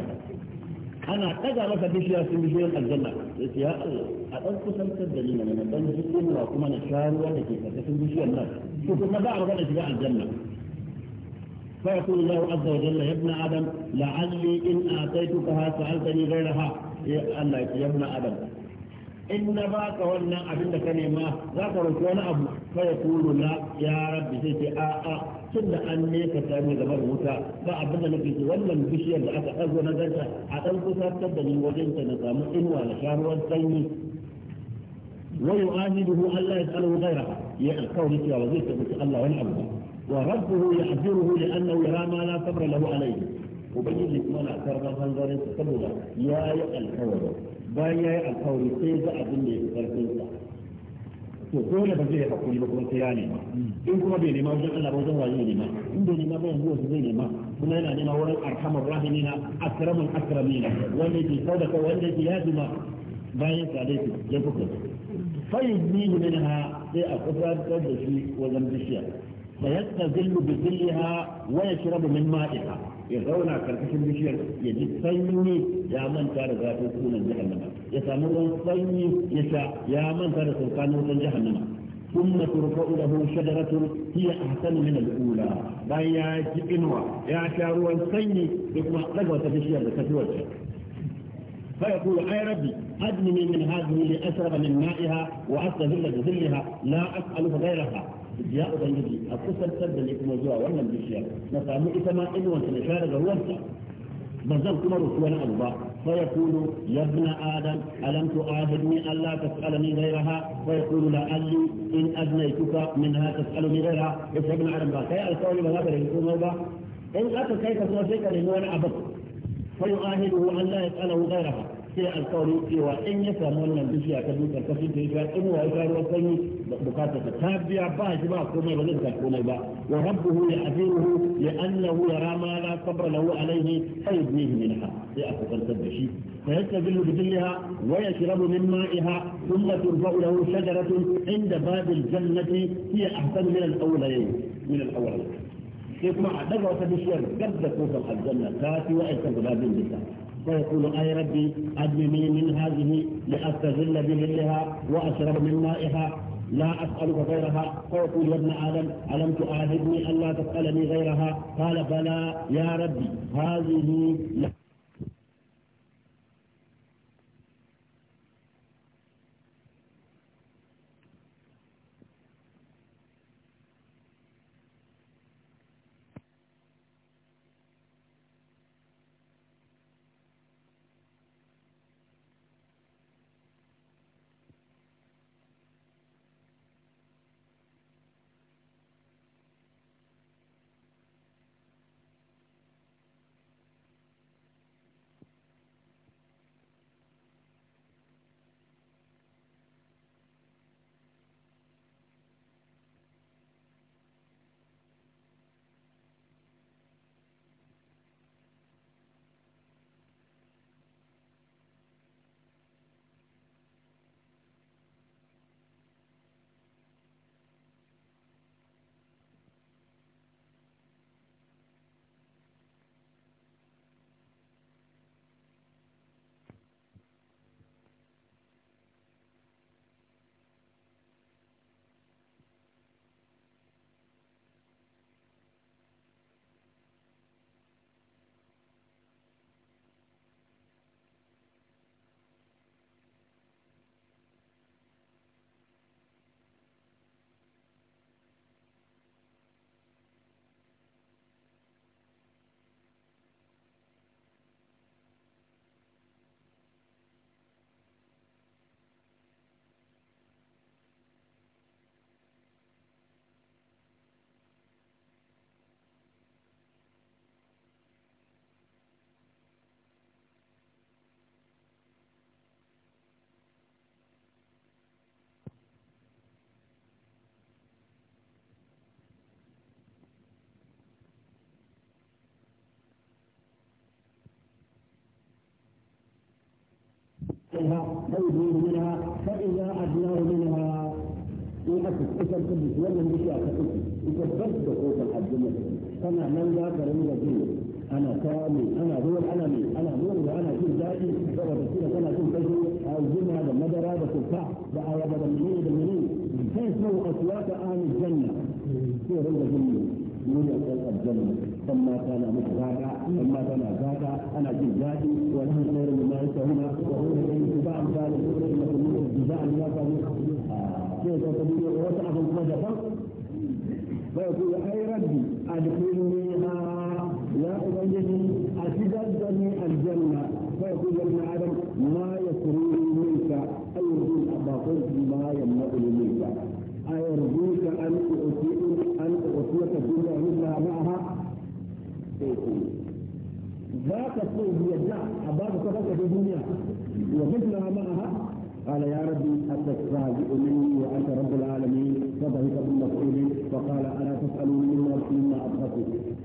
ana ɗaga masa bishiya sun bishiyar aljanna ya ce ya Allah a ɗan kusantar da ni mana ɗan jikinwa kuma na sha ruwa da ke karkashin bishiyar nan su kuma za a magana shiga aljanna فيقول الله عز وجل يا ابن ادم لعلي ان اعطيتكها سالتني غيرها يا الله يا ابن ادم in na ba ka wannan abin da ka nema za ka roki wani abu fa ya kulu la ya rabbi sai ce a a tun da an nesa ta ne wuta ba abin da nake ji wannan bishiyar da aka ɗago na ganta a ɗan kusantar da ni wajen ta na samu inuwa da sharuwar sanyi wa yu'ahiduhu Allah ya tsalu ghairaha ya alkawari cewa ba zai tabbaci Allah wani abu ba wa rabbuhu yahdiruhu li'annahu yara ma la sabra lahu alayhi ubangiji kuma na karban hanzarin saboda ya yi alkawari bayan ya yi alkawari sai za abin da ya fi karfin sa to dole ba zai hakuri ba kuma sai ya nema in kuma bai nema wajen Allah ba wajen waye ne nema in bai nema ba yanzu zai nema kuma yana nema wurin arhamar rahimina akramul akramina wanda yake sauda wanda yake yaduma bayan sa dai ya kuka fayyidi ha sai a kusantar da shi wajen bishiya فيستذل بظلها ويشرب من مائها يرون كالكشن بشير يجد صيني يا من كان ذات سكون جهنم يسامر الصيني يشاء يا من كان سلطان جهنم ثم ترفع له شجرة هي أحسن من الأولى بايا جئنوا يا شاروا صيني لكما قدوة تشير تتوجه فيقول أي ربي أدنني من هذه لأشرب من مائها وأستذل بظلها لا اسالك غيرها ya ubangiji a kusantar da ni kuma zuwa wannan bishiya na samu ita ma inuwanta na sha daga ruwanta zan kuma wani abu ba فيقول يا ابن آدم ألم تعاهدني ألا تسألني غيرها فيقول لعلي إن أذنيتك منها تسألني غيرها يا ابن آدم لا تسالني غيرها بهذا يكون إن أتى كيف توفيك لنوان أبد فيعاهده أن لا يسأله غيرها sai alkawari cewa in ya samu wannan bishiya ta dukkan kashin ta yasa in wa ya ruwan sanyi bukata ta ta biya ba shi ba komai ba zai ka komai ba wa rabbuhu ya aziruhu ya annahu ya rama la sabra lahu alaihi ay bihi minha sai aka kantar da shi fa yastazillu bi dhillaha wa yashrabu min ma'iha thumma turfa'u lahu shajaratun inda babil jannati hiya ahsanu min al-awwalayn min al-awwalayn sai kuma a daga wata bishiyar gab da kofar aljanna ta fi wa'aikar guda bin bisa فيقول أي ربي أدنني من هذه لاستذل بذلها وأشرب من مائها لا أسألك غيرها فيقول يا ابن آدم ألم تعاهدني ألا تسألني غيرها قال بلى يا ربي هذه منها أو يزيد منها فإذا أدناه منها يؤكد اسم قدس ولا بشيء تقول يثبت حقوق الحج فما من ذاك من الدين انا كامل انا نور انا مين انا نور وانا كل ذاتي بابا انا كل تجري الجن هذا المدر هذا تفاح بقى يا بابا منين منين كيف لو اصوات اهل الجنه في رضا جميل من الجنه dan mata na musu zaga dan mata na zaga ana jin daɗi wa lahum khairun mimma yasawuna wa hum ilayhi yusba'un zalim inna kullu jaza'an la ah, sai wata abin kuma daban ku ya ai rabbi ya ubangiji a shigar aljanna ku ya adam ma ذاك الصوم يدع أباب سفرك في الدنيا ومثلها معها قال يا ربي أتستهزئ مني وأنت رب العالمين فضحك ابن مسعود وقال أنا تسألوني مما مما أبخس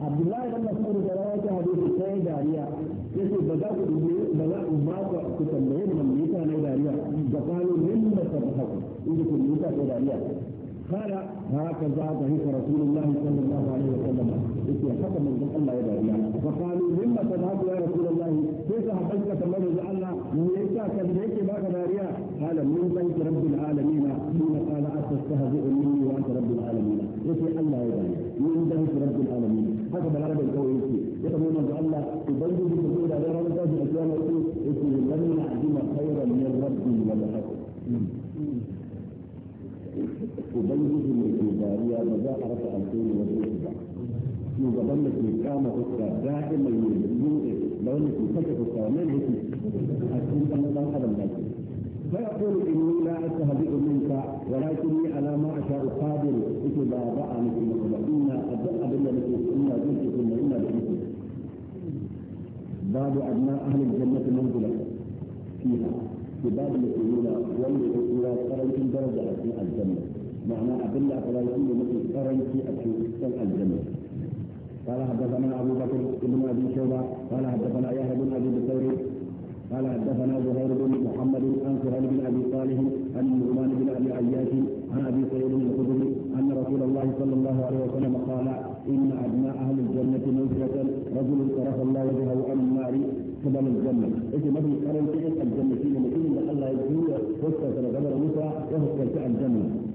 عبد الله بن مسعود رواه حديث السيد داريا يقول بدأت بلا ما تسمين من ميتا نيداريا فقالوا مما تبخس إذا ميتا نيداريا قال هكذا ضعيف رسول الله صلى الله عليه وسلم يقول حتى من الله يدعي فقالوا مما تذهب يا رسول الله كيف حبيتك الله جعلنا ليس كذلك ما كباريا قال من بيت رب العالمين حين قال أتستهزئ مني وأنت رب العالمين يقول الله يدعي من بيت رب العالمين هكذا العرب الكويتي يقول الله يبين بسهولة ubangiji mai ke dariya ba za a rasa alheri wajen shi ba shugaban da ke kama fuska daɗi mai yi da wanda ke kashe fuska wannan yake a cikin ɗan ɗan adam da ke فيقول اني لا استهزئ منك ولكني على ما اشاء قادر اذا ضاعني في مقبلين ابدا بالذي انا جئت ثم انا بئت باب ابناء اهل الجنه منزله فيها في باب الاولى والتي الاولى قرنت درجه في الجنه معنى أدلة فلا يكون مثل في أكل الجنة قال حدثنا أبو بكر بن أبي شيبة قال حدثنا يحيى بن أبي بكر قال حدثنا زهير بن محمد عن سهيل بن ابي صالح عن نعمان بن ابي عياش عن ابي سعيد الخدري ان رسول الله صلى الله عليه وسلم قال ان ابناء اهل الجنه منزله رجل صرف الله وجهه عن النار قبل الجنه اذا مثل قرن الجنه فيه مثل ان الله يجوز وسط غدر موسى وهو الجنه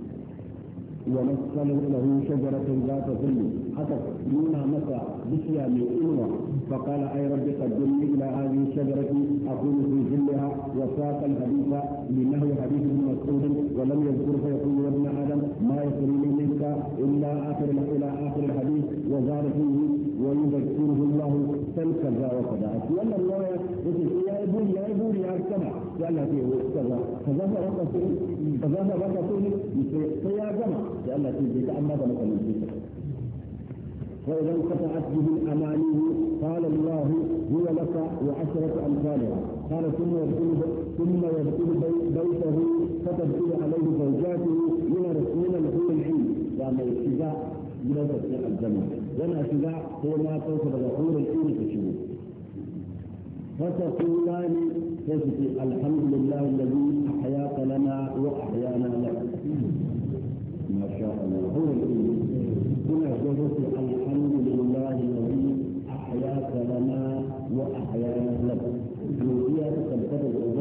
ونسأل له شجرة ذات ظل حتى منها مسى بشيا من إنوى فقال أي رب قدمني إلى هذه الشجرة أكون في ظلها وساق الحديث لأنه حديث ابن مسعود ولم يذكر فيقول يا ابن آدم ما يسرني منك إلا آخر إلى آخر الحديث وزار فيه ويذكره الله تلك الزاوية وكذا. وأن الله يقول يا ابني يا ابني يا sai Allah ya yi kaza kaza ba ka so kaza ba ka so فإذا انقطعت به الأماني قال الله هو لك وعشرة أمثالها قال ثم يدخل ثم يدخل بيته فتدخل عليه زوجاته من من الحور العين وأما الشجاع من الجنة لأن الشجاع هو ما توصل الحور حور العين في الشمس فتقولان فتقول الحمد لله الذي احياك لنا واحيانا لك ما شاء الله هو الايمان هنا يقول الحمد لله الذي احياك لنا واحيانا لك الوصيه تبتدئ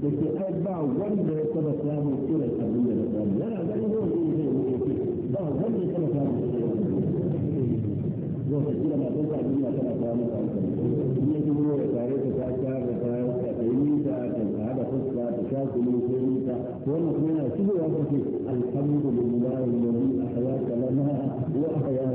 da ke ai ba wanda ya taba samun irin abin da samu yana ganin yau zai zai wuce ke ba wanda ya taba samun irin wata kila matan sa duniya tana kawo masa hankali in ya zuwa ya tare ta ta kare kayan ta ta yi nisa ta ta haɗa fuska ta sha kuma ko nisa wannan kuma yana shigowa ta ce alhamdulillah wani a hayata lana wa a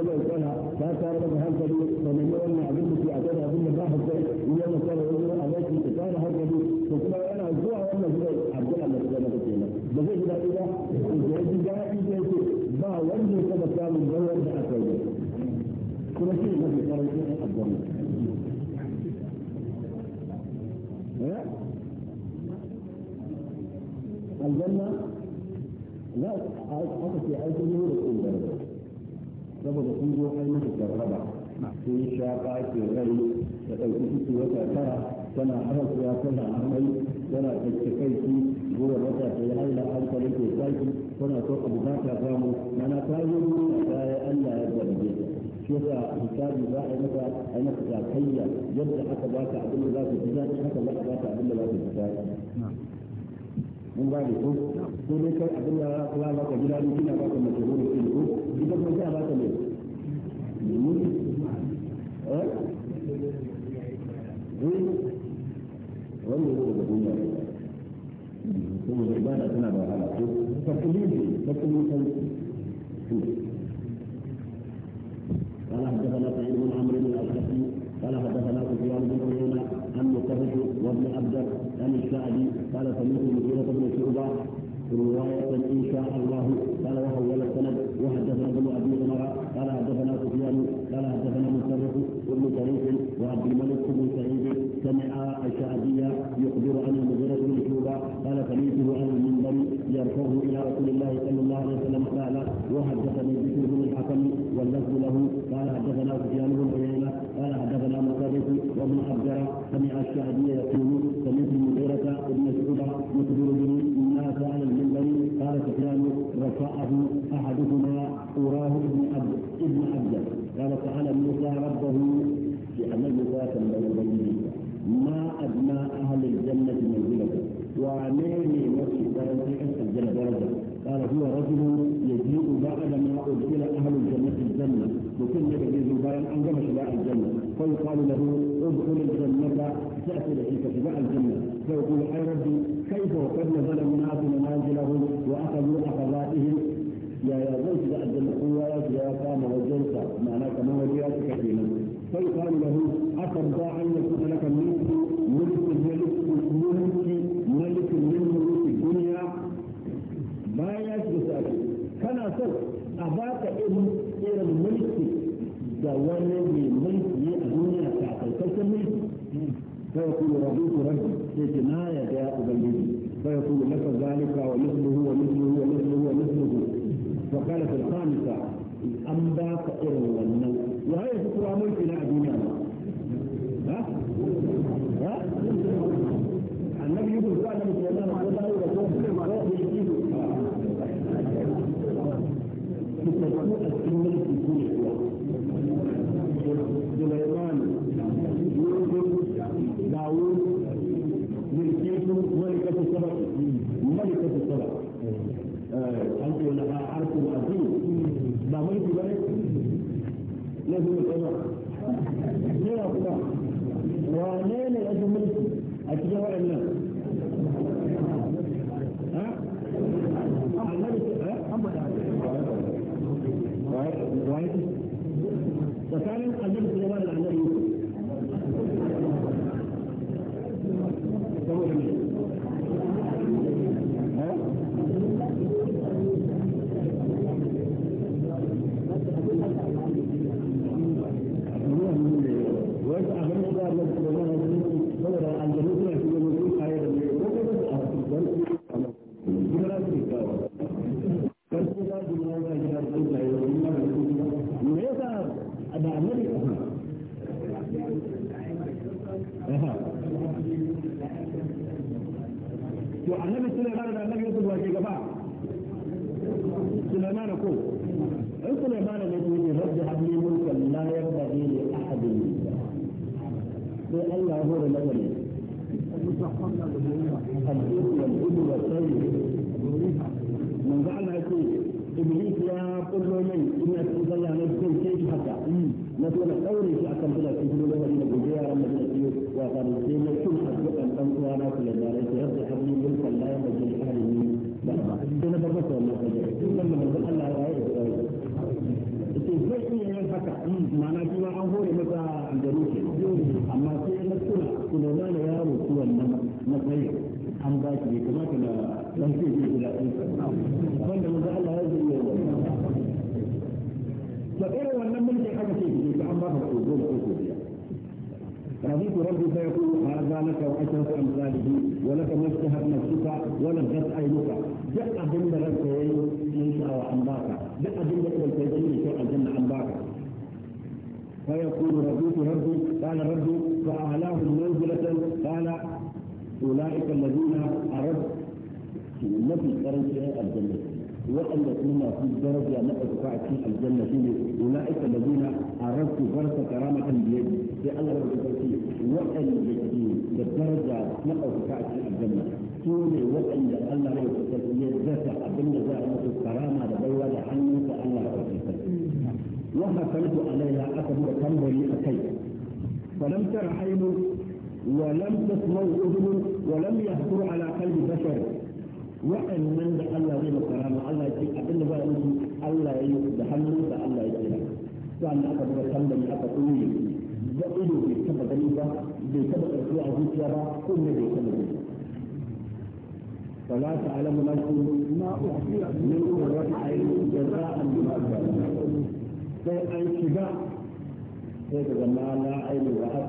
ما انتهى لا صار لك هذا فمن يولى عدوك اعتدى ثم راح الزيت ويوم صار يقول عليك صار هذا وكما انا الجوع وانا الزيت عبد الله بن سلمه كده بزيد لا اله الزيت جاي زيت با وجه كده كان مدور بحسن كل شيء ما في صار شيء الضمن الجنة لا أعطي عيش النور الأولى saboda sun zo ai musu jarraba sun sha ɓace rai da ɗauki ciki wata tara tana harasuwa tana amai tana tsakke kai ki gura wata ta yi haila hankali ke tsaki tana so abu ba ta samu mana ta yi wuri a baya Allah ya zarge ta shi yasa hisabi za a yi maka a yi maka takayya yadda aka baka abin da za ka ji daɗi haka za a baka abin da za ka ji daɗi mun gane ko ko dai kai abin da za ka ba ka gida ne kina ba ka mace ne ko ita kuma sai ba ka ne eh wanda yake da duniya saboda ibada tana da wahala ko taklidi taklidi taklidi قال حدثنا سعيد بن عمرو بن الاشقي قال حدثنا سفيان بن عيينه عن متفق وابن عبد عن الشعبي قال سمعت مغيرة بن شعبة رواية إن شاء الله قال وهو السند وحدثنا ابن أبي عمر قال حدثنا سفيان قال حدثنا مسرف بن طريف وعبد الملك بن سعيد سمع الشعبي يخبر عن المغيرة بن شعبة قال سمعته عن المنبر يرفعه إلى رسول الله صلى الله عليه وسلم قال وحدثني بشر بن الحكم واللفظ له قال حدثنا سفيان بن عيينة قال حدثنا مسرف وابن حجر سمع الشعبي يقول أراه ابن أبي ابن أبي قال تعالى موسى ربه لأن موسى كان ما أدنى أهل الجنة منزلته وعليه نفسه درجة الجنة درجة قال هو رجل يجيء بعد ما أدخل أهل الجنة الجنة وكل يجيء بعد أن جمع شباع الجنة فيقال له ادخل الجنة تأتي لك شباع الجنة فيقول أي ربي كيف وقد نزل الناس منازلهم وأخذوا أخذاتهم يا يا زوج عبد الأخوة يا قام وزوجة معناه كما هو جهاز كثيرا فيقال له أترضى أن يكون لك الملك ملك ملك ملك ملك من ملوك الدنيا ما يجوز كان صدق أباك إبن إلى الملك دوالي ملك الدنيا تعطي كيف الملك فيقول رضيت ربي في جناية يا أبنين فيقول لك ذلك ومثله ومثله ومثله وقال في الخامسة an ba ka irin wannan waye su kuwa mulki na a duniya ha ha annabi yusuf ko annabi sulaiman ko dawo da ko ko yusuf ko ko a cikin mulki ko ne kuwa jira kuma wane ne ya fi mulki a cikin waɗannan eh? Eh? tsakanin annabi sulaiman da أنا أقول يقول تقول الله لك كل شيء حتى مثلا قولي في أكم بلا تقول له إن بجيا رم بلا تيو وقال الدين كل حد أن أنقوا أنا كل ذلك يرجع حبلي لك لا ينبغي لأحد مني بلغة دون بلغة ولا حاجة كل من بلغة الله غير لك iya yin haka ma'ana kuma an hore masa aljanu ke amma sai na kula لك na yaro kuwan nan matsayin an ba shi ne kamata na lafiya ke kula لك wanda maza Allah رضيت ربي فيقول هذا لك وعشرة أمثاله ولك ما اشتهت نفسك ولذت عينك جاء جنة لك إن شاء عن باك جاء أبن لك إن شاء الجنة عن باك فيقول رضيت ربي قال ربي فأعلاه منزلة قال أولئك الذين أردت في التي قرنت الجنة وأن يكون في درجة مأدفع في الجنة أولئك الذين عرفت فرصة كرامة بيد في الله ربكي وأن يكون في درجة مأدفع في الجنة كون وأن يكون الله ربكي يجزع أبن زائمة الكرامة لبوى لحنك الله ربكي وما فلت عليها أكبر تنبري أكي فلم تر عين ولم تسمع أذن ولم يهتر على قلب بشر waɗannan da Allah zai maka rama Allah ya ce abin da ba ya musu Allah ya yi da hannun da Allah ya kira sa'an aka buga tambari aka tsoye da ido bai taba gani ba bai taba ƙarfi a zuciya ba ko ne bai taba gani فلا تعلم نفس ما أخفي من قرة عين جزاء بما sai an shiga sai ka zama la aini ra'at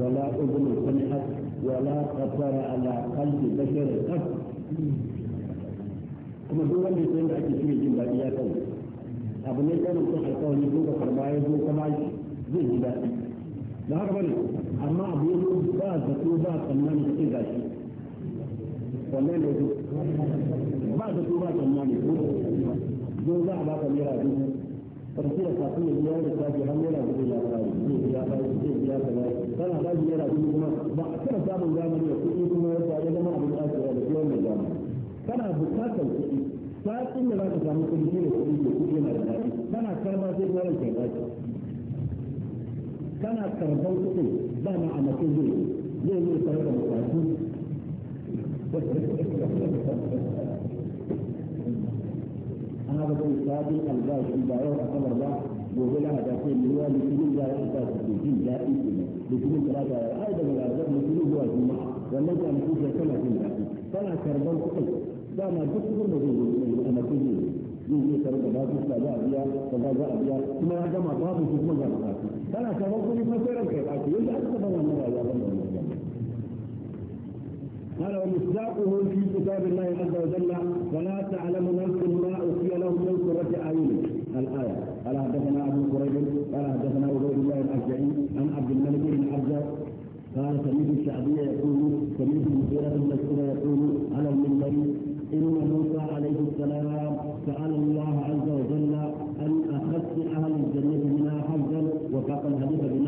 wala udhun sami'at wala qatara ala qalbi bashar qat kuma duk wanda ya da ake shirya jin daɗi ya sani abu ne kan mutum ne ko karɓa ya zo kama zai ji daɗi da haka bane amma abu ya zo ba zato ba tsammani ka ce gashi wannan da zo ba zato ba tsammani ko zo za a baka naira dubu ƙarfi da kafin ya biya da kafi har naira dubu ya fara zai biya ba zai biya ka ba kana ba naira dubu kuma ba a kana samun zamani da kuɗi kuma ya zama abin da ake da biyan da zamani kana bukatar kuɗi sa'in da za ka samu kuɗi ne kuɗi ne kuɗi na da daɗi kana karba sai kuma ranke ba kana karban kuɗi ba ma a mutum zai zai yi tare da bukatu ana da kai sa'in albashi ba yau a kamar ba gobe na da ce ne wani filin da ya isa su jin daɗi ke ne da filin da ya ai daga ranar mutum zuwa juma'a wannan kwanaki sai kana jin daɗi kana karban kuɗi dama duk kuma zai yi a mafi ne zai tare da babu sa za a biya da za a biya kuma ya gama babu su kuma za a kasu kana sabon kuma sai ranka ya kasu yadda aka saba rayuwa ban da قال ومصداقه في كتاب الله عز وجل فلا تعلم نفس ما اخفي له من قرة اعين الايه قال حدثنا ابو قريب قال حدثنا عبيد الله الاشجعي عن عبد الملك بن عبد قال سميت الشعبي يقول سميت المسيرة بن يقول على المنبر إن موسى عليه السلام سأل الله عز وجل أن أخذ أهل الجنة منها حظا وفاق الحديث بما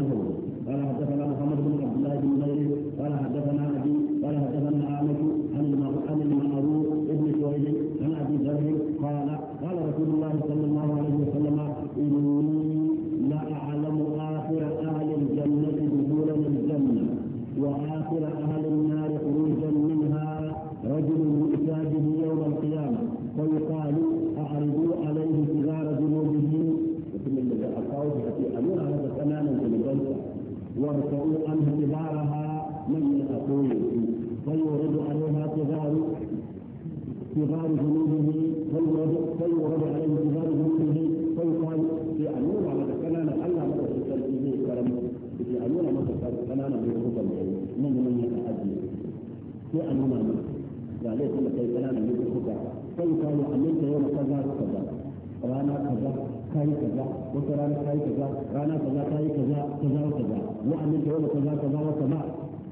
رانا كذا كذا كذا كذا وكذا وعملت ولا كذا كذا وكذا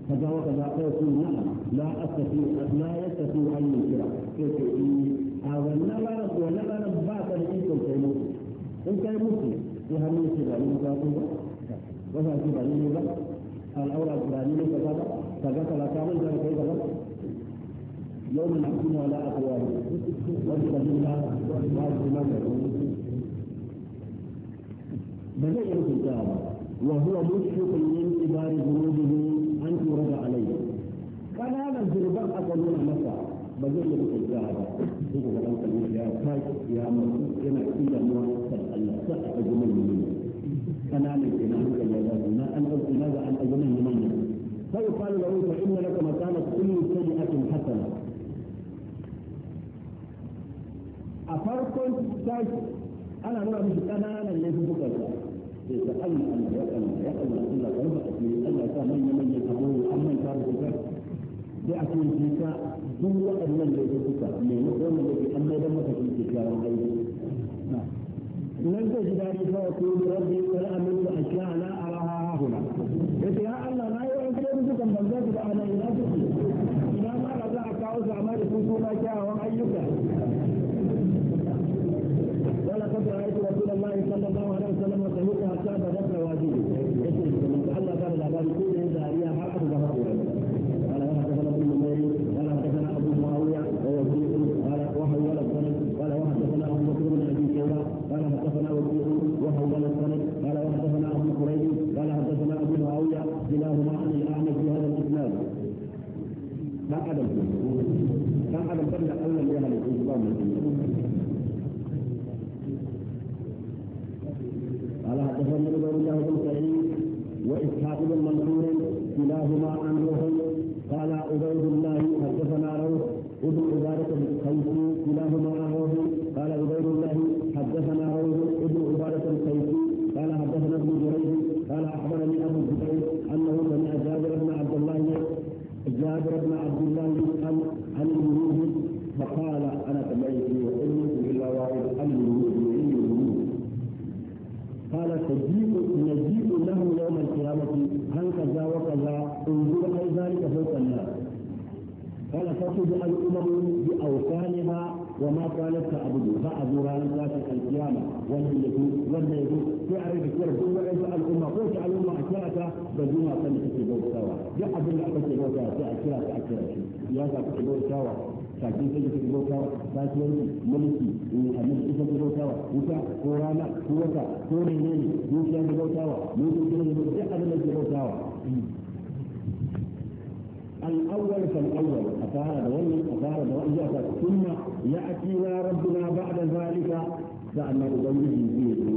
كذا وكذا فيقول نعم لا استطيع لا يستطيع ان ينكر ونرى ونرى نبات لإيكم كي مسلم إن كان مسلم فيها من سبع من كاتبة وها سبع من بقى الأولى الفلانية كذا كذا كذا كذا كذا كذا كذا يوم نحكم على أقوالهم وجد منا وعز ما يقولون بدأ الكتاب وهو مشفق من كبار ذنوبه أن يرد عليه هذا الزرباء أقل من مسا بزر لك الكتاب إذا لم تكن يا كاي يا مرسوس كما إلى مؤسسة الله سأل جمل منه أنا من إلى هنك يا ما أن أرسل ماذا أن أجمل منه فيقال له فإن لك مكانة كل سيئة حسنة a farkon طيب. أنا أنا nuna mishi ƙananan laifin bukarsa da ta Allah Allah ya Allah ya Allah Allah ka rubuta shi Allah ya sa manyan manyan abubuwa an manta da kuka sai a ce shi ka duk waɗannan da ya kuka mai wannan da ke an mai dan maka shi ke kyawun aiki nan zai ji daɗi kawai da rabbi kana amin da ashiya ala araha huna yace ya Allah na yi wa'in kuma kuka ban zai ba ana ina kuke ina ma za a kawo su amma da kun kuma kyawawan رايت رسول الله صلى الله عليه وسلم وسمعت حتى بدت نواجذه الله كان العباد كل داريا حق ظهره قال وحدثنا ابن نمير قال حدثنا ابو معاويه ووكيع قال ولد السند قال وحدثنا ابو بكر بن ابي شيبه قال حدثنا وهو ولد السند قال وحدثنا ابو كريم قال حدثنا ابو معاويه كلاهما عن الاعمى في هذا الاسلام ما عدم ما عدم قبل اول يهل الاسلام وعبد منصور كلاهما عن روح قال عبيد الله حدثنا روح ابن عبادة القيسي كلاهما عن روح قال عبيد الله حدثنا روح ابن عبادة القيسي قال حدثنا ابن جريج قال اخبرني ابو الزبير انه سمع جابر بن عبد الله جابر بن عبد الله عن عن اليهود فقال انا سمعت وامي الا واحد عن اليهود قال تجيب كذا وكذا انظر أي ذلك فوق الناس قال فتجد الأمم بأوثانها وما كانت تعبد فأبو رانا ذات القيامة يجوز والنبي يجوز يعرف كيف وعز الأمة قلت على الأمة أشياءك بدون أن تكتبوا سوا جاء بالله تكتبوا سوا يا تأكلها تأكلها يا تكتبوا سوا kakin sai kake bautawa kasuwanci mulki annabi isa ke bautawa wuta ko rana ko wata ko rene ne dukiya ke bautawa mutum ke ne duk abin da ke bautawa الأول فالأول أطار دولي أطار دولي ثم يأتينا ربنا بعد ذلك فأنا أبيه فيه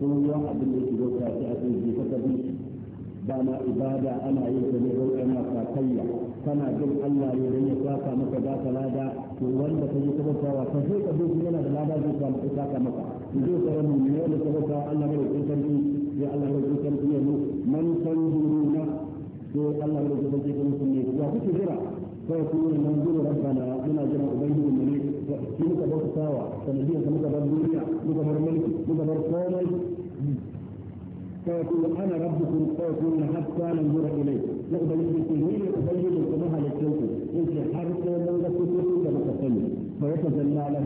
قل يا أبن الإسلام تأتي في فتبيه dama ibada ana yi ta ne don ana sakayya kana jin Allah ne don ya saka maka ba ka lada to wanda ka yi ka ka sai ka dauki yana da lada zai samu ka saka maka zai tsara mu ne da ka Allah mai rubutun sarki ya Allah mai rubutun sarki ya mu man tanzuruna to Allah mai rubutun sarki ya mu ne ya kuke jira sai ku yi nan gudu rabbana muna jira ubangiji mu ne shi muka bauta wa sanadiyar muka bar duniya muka bar mulki muka bar komai فيقول انا ربكم فيقول لقد كان انظر اليه يقبل ابن تيميه يبين القبها للشوكي انت حرك من ذكرتكم كما تقول فيتجلى له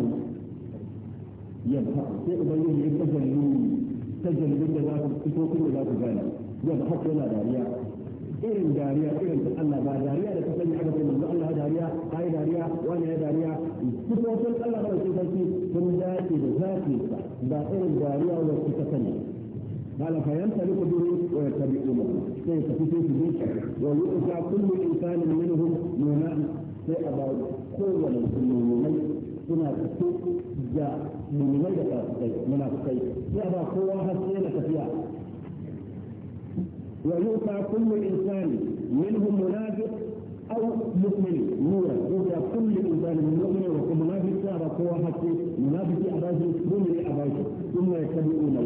يبحث تقبل ابن تجلي تجل ابن تجلي تشوكي لا تزال يبحث الى داريا إن داريا إن تقلى داريا لا تسمي حدث من الله الله داريا هاي داريا وانا يا داريا تقوى تقلى غلط تسمي من ذاتي ذاتي ذاتي داريا وكتسمي قال فينطلق به ويتبعونه كيف تفيد ويؤتى كل انسان منهم يونان في ابا قوه من suna fito da mulmai da fasikai munafikai sai ba kowa har sai na tafiya wa yuta kullu insani minhum munafiq أو مؤمن نورا وهو كل إنسان مؤمن وكل منافق سارة حتى منافق أباجه مؤمن أباجه ثم يتبعون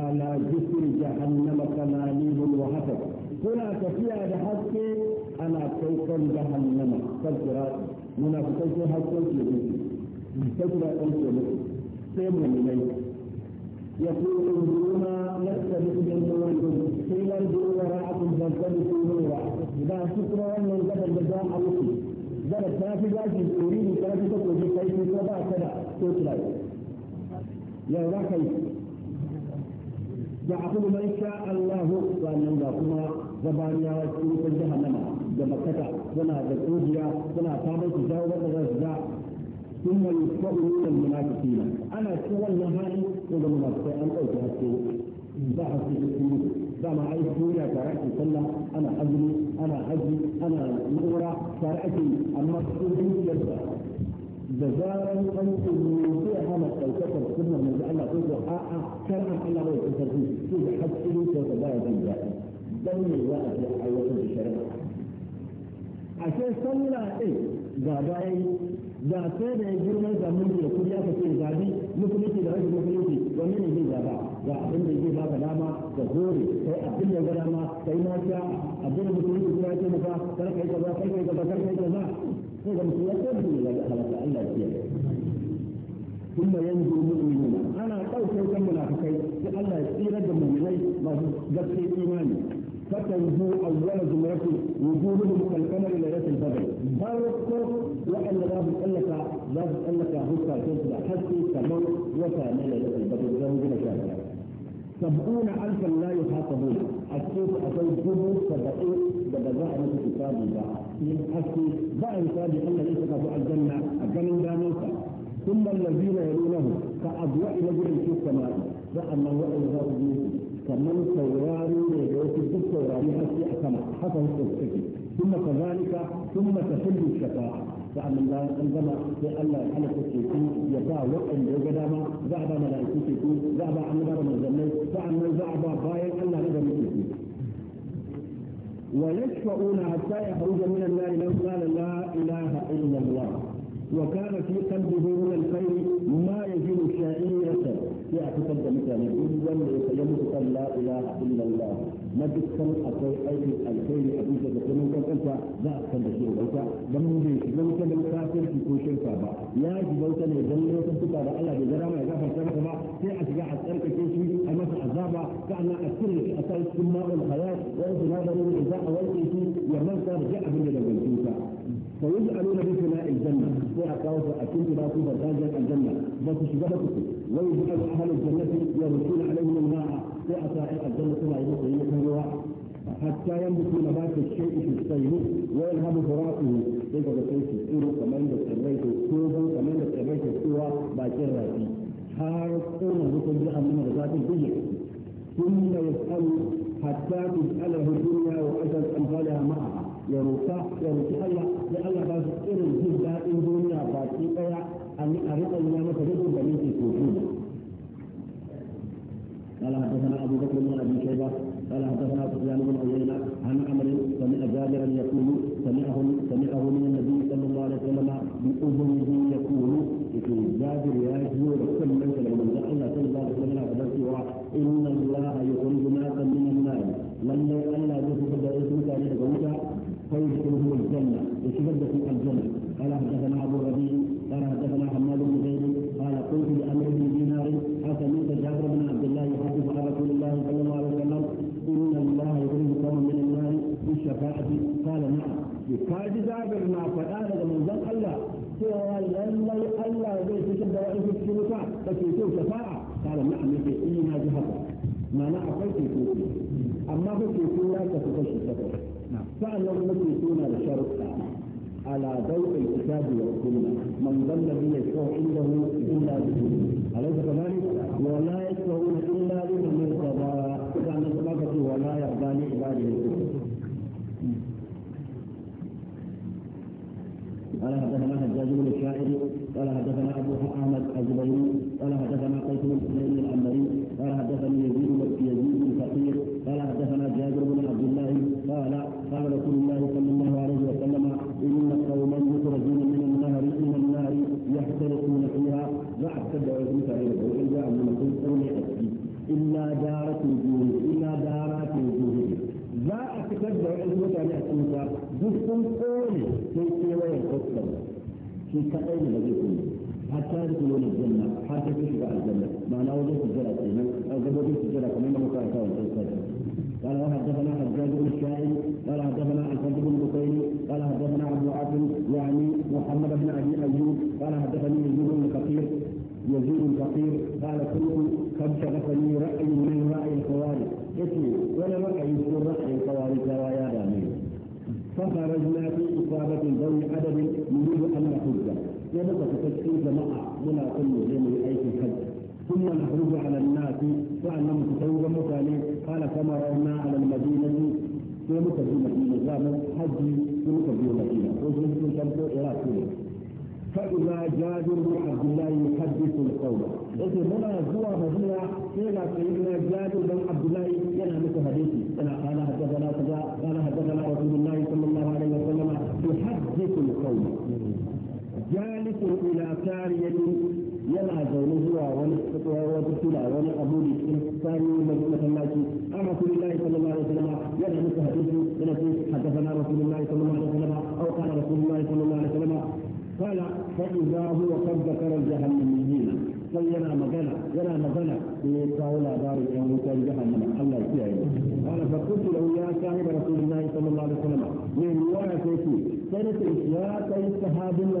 على جسر جهنم قنانيب وحسد كنا كفيها بحق أنا كوكب جهنم فالقراء منافقين حتى يجب تجرى أنت سيبنى من يقول انظرونا نقتبس من نوركم قيل انظروا وراءكم فالتبسوا نورا اذا شكرا من قبل جزاء عليكم جرى الثلاثة جاءت تريد الثلاثة تخرج كيف تبع كذا تطلع يا ذاك يعقل من شاء الله وان الله كما زبانيا وسوء جهنم da makata suna da tsojiya suna samun ثم يستغنون المنافقين انا سوى النهائي اذا منافقين ان اوتي هالشيء بحث في السنين دام عايز دنيا شرعت صلى انا حجري انا حجري انا مغرى شرعتي اما تقولي يرجع جزاء انتم من آه، آه، في حالة الكفر كنا من الله تقول اه شرعا الله هو الكفر فيه حد سنين تتباهى ذنبا دوني وقت لحيوة الشرع عشان صلى ايه غاباي da sai da ya girma da mun da kudi aka ce zabi musulunci da rashin musulunci wanne ne zai zaba ga abin da zai baka dama da gore kai abin da ga dama kai na sha abin da musulunci kuma ce maka kar kai kaza kai kai kaza kar kai ba sai ga musulunci ya tabbata da halaka Allah ya ثم ينجو المؤمنون انا قلت كم منافقين الله يسير الدم من ما قد gaske imani فتنجو أول جملة وجوههم كالقمر ليلة البدر فارقوا وأن لا بتألك لا لك هكا تنزل حسي كمر وكان ليلة البدر زوج مشاهدة سبعون ألفا لا يخاطبون الشيخ أتوا جبوا سبعين ببزاء مثل كتابي بقى من حسي بقى يتابع أن ليس قد الجنة الجنة لا موسى ثم الذين يلونهم كأضواء نجر في السماء فأما وإن ذا كمن saurari ne da wasu duk saurari haske a ثم كذلك ثم تحل الشفاعة فأما الله عندما في الله حلق الشيطين يضع وقم بقدامه بعد ملائكة الشيطين الشيطان بعد من مزمين فأما بعد باين الله نزل الشيطين ويشفعون حتى يخرج من النار لو قال لا إله إلا الله وكان في قلبه من الخير ما يزيد في يعتقد مثلا جدا ويسلمه قال لا اله الا الله ما تدخل اكو اي الخير ابي جبر من كان انت ذاك كان بشير بيتا لم يجي لم يكن الكافر في كل شيء صعب يا جبوت لي جل وسلمك على الله بجرى ما يقف الشمس ما في اشياء حتى في شيء المسح الزعبى كان اكثر اثار السماء والحياه وانت نظر الى الزعبى والتيتي ومن كان جاء بالله فيجعلون بثناء الجنة أقاوس أكنت لا كفر تاجر الجنة بس شبهتك ويجعل أهل الجنة يرسون عليهم الماء وأطائق الجنة لا يبقون الرواء حتى ينبت نبات الشيء في السيل ويذهب فراقه إذا بقيت السيل كمان بتسريت السوبة كمان بتسريت السوى باكر راسي حارقون جاء من غزات الدنيا ثم يسأل حتى تسأله الدنيا وأجل أمثالها معها ya roƙa ya roƙi Allah ya Allah ba su irin jin daɗin duniya baki ɗaya a riƙon ya masa rikon da nake kofi قال حدثنا ابو بكر بن ابي شيبه قال حدثنا سفيان بن عيينه عن عمرو سمع جابرا يقول سمعه سمعه من النبي صلى الله عليه وسلم باذنه يقول في جابر يا جور كل من سلم الله صلى الله عليه وسلم ان معنى أقل teku amma ba teku ya kasu kashi takwas sa'annan kuma teku على ضوء الكتاب والسنة من ذا به يشفع عنده إلا بإذنه أليس كذلك؟ ولا يشفعون إلا لمن ارتضى فأنا يعني صدقة ولا يرضى لعباده الكفر قال حدثنا حجاج بن الشاعري قال حدثنا ابو احمد الزبيري قال حدثنا قيس بن سليم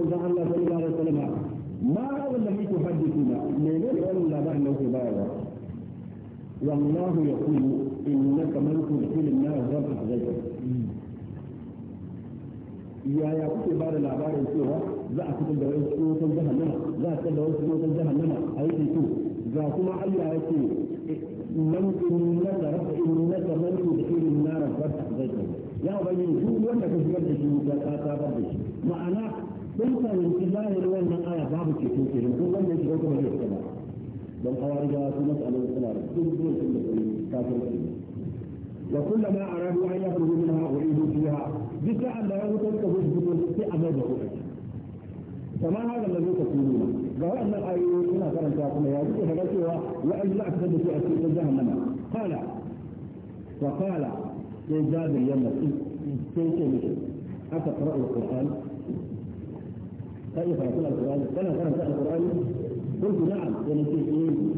manzon Allah sallallahu alaihi wasallam ma hada alladhi tuhaddithuna menene wannan labarin da kuke bayarwa والله يقول انك من تدخل النار ربك غيرك yaya kuke ba da labarin cewa za a fitar da wasu tsohon jahannama za a fitar da wasu tsohon jahannama a yi teku ga kuma Allah ya ce man in nasa rafa in nasa man ku da irin nara farta zai ya ubangiji duk wanda ka shigar da shi ta ta da shi ma'ana sun fahimci zahirin wannan aya babu ceto ke ko wanda yake ɗauka ba zai tsada don kawai da su masu alaihi suna da sun zuwa sun da tsaye kafirci wa kullama arabu an yakhruju minha uridu fiha duk sa'an da ya wutar ka zai fito sai a mai da kuɗi kamar haka da zai ka tuni ga waɗannan ayoyi suna karanta kuma ya zuke daga cewa wa'azi za a fitar da su a cikin jahannama kala wa kala sai jabir yamma sai ce mishi aka qara'u alquran فإن قرأتنا القرآن فلا قرأت القرآن قلت نعم المسيحيين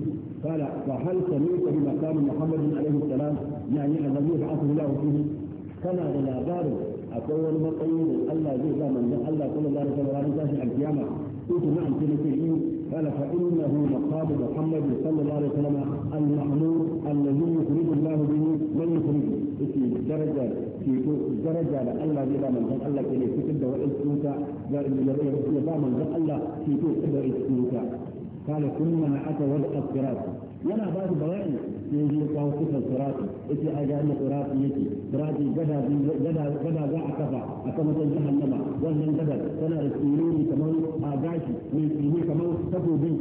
قال فهل سمعت بمقام محمد عليه السلام نعم، يعني الذي يبعثه الله فيه كما إلى بارد أقول قيل ألا جزا من الله صلى الله عليه وسلم القيامة قلت نعم في المسيحيين قال فإنه مقام محمد صلى الله عليه وسلم المحمود الذي يخرج الله به من يخرجه في درجة ceto daraja da Allah zai ba manzon Allah ke ne fitar da waɗansu wuta ya ba manzon Allah ceto da waɗansu wuta قال ثم أتوا الصراط yana ba su bayani sai zai kawo kusan surati yace a ga inda surati yake surati gada gada za a kafa a kamatan jahannama wannan gada tana da tsiriri kamar a gashi mai tsiri kamar takobin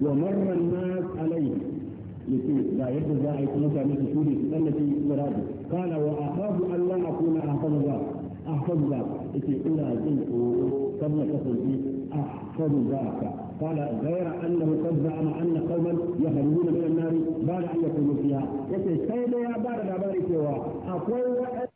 wa marran nas alaihi yace ga yadda za a yi kuma mutane su shuri su tsallake sirati kana wa akhafu an la akuna ahfazu ba ahfazu ba yace ina jin tsoro kan na kasance ahfazu ba ka kana gaira annahu qad za'ama anna qauman yakhrujuna min an-nar ba'da an yakunu fiha yace sai da ya bada labari cewa akwai